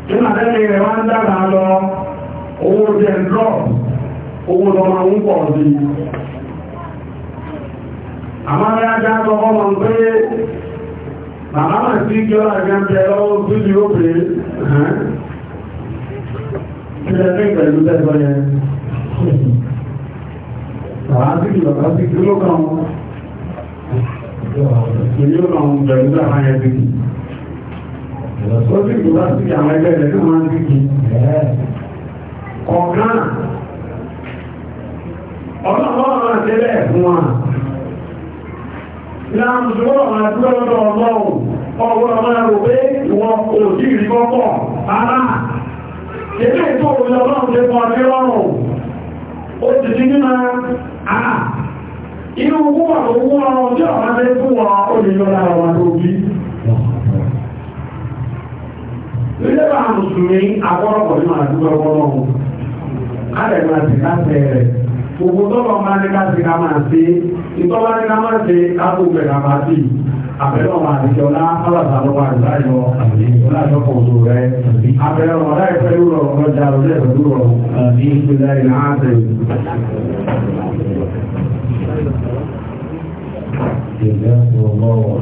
Speaker 2: nínú àtẹ́lẹ̀ rẹ̀ wá ń dára lọ owó jẹ́ drọ́ owó lọ máa ń pọ̀ sí àmárẹ́ ajá sọ ọmọ pé bàbá mà sí kí ọ́rà gẹ́gẹ́ lọ́wọ́ sí ti ó pè é kí ẹ pẹ̀lú tẹ́gbọ́ yẹn bàbá sí kí bàbá ó sì kì bá sí àwọn ẹgbẹ́ rẹ̀ máa ń dìkì ọ̀gán ọlọ́pàá máa fún wa ìlànà ìṣòro lọ́dọ̀ ọlọ́run ọgbọ́n máa rò pé ìwọ òjì ìrìkọ́pọ̀ ara ilé ìtò òun ọlọ́run lè pọ̀ ní ọrùn ó ti ti ní máa àà inú owó àwọn owó ọrùn tí ọ̀rọ̀ fún wọn ó lè lọ́la ọ̀rọ̀ àti ilé bá mùsùlùmí akọ́rọ̀pọ̀ nínú àdúgbò ọgbọ́nọ́ wọn kálẹ̀ máa ti ká tẹ̀ rẹ̀ gbogbo tọ́lọ̀ máa ní ká ti ká máa ṣe ìtọ́lá ní ká máa ṣe káàkó bẹ̀rẹ̀ àbá sí abẹ́rẹ́ ọmọ àdìjọ lá ọlọ́ta ló wà nígbà yọ ọlọ́jọ́ kan oṣù rẹ abẹ́rẹ́ ọmọ láì fẹ́ yóò rọrùn lọ́jà lọ́jà ìfẹ́
Speaker 1: yóò rọrùn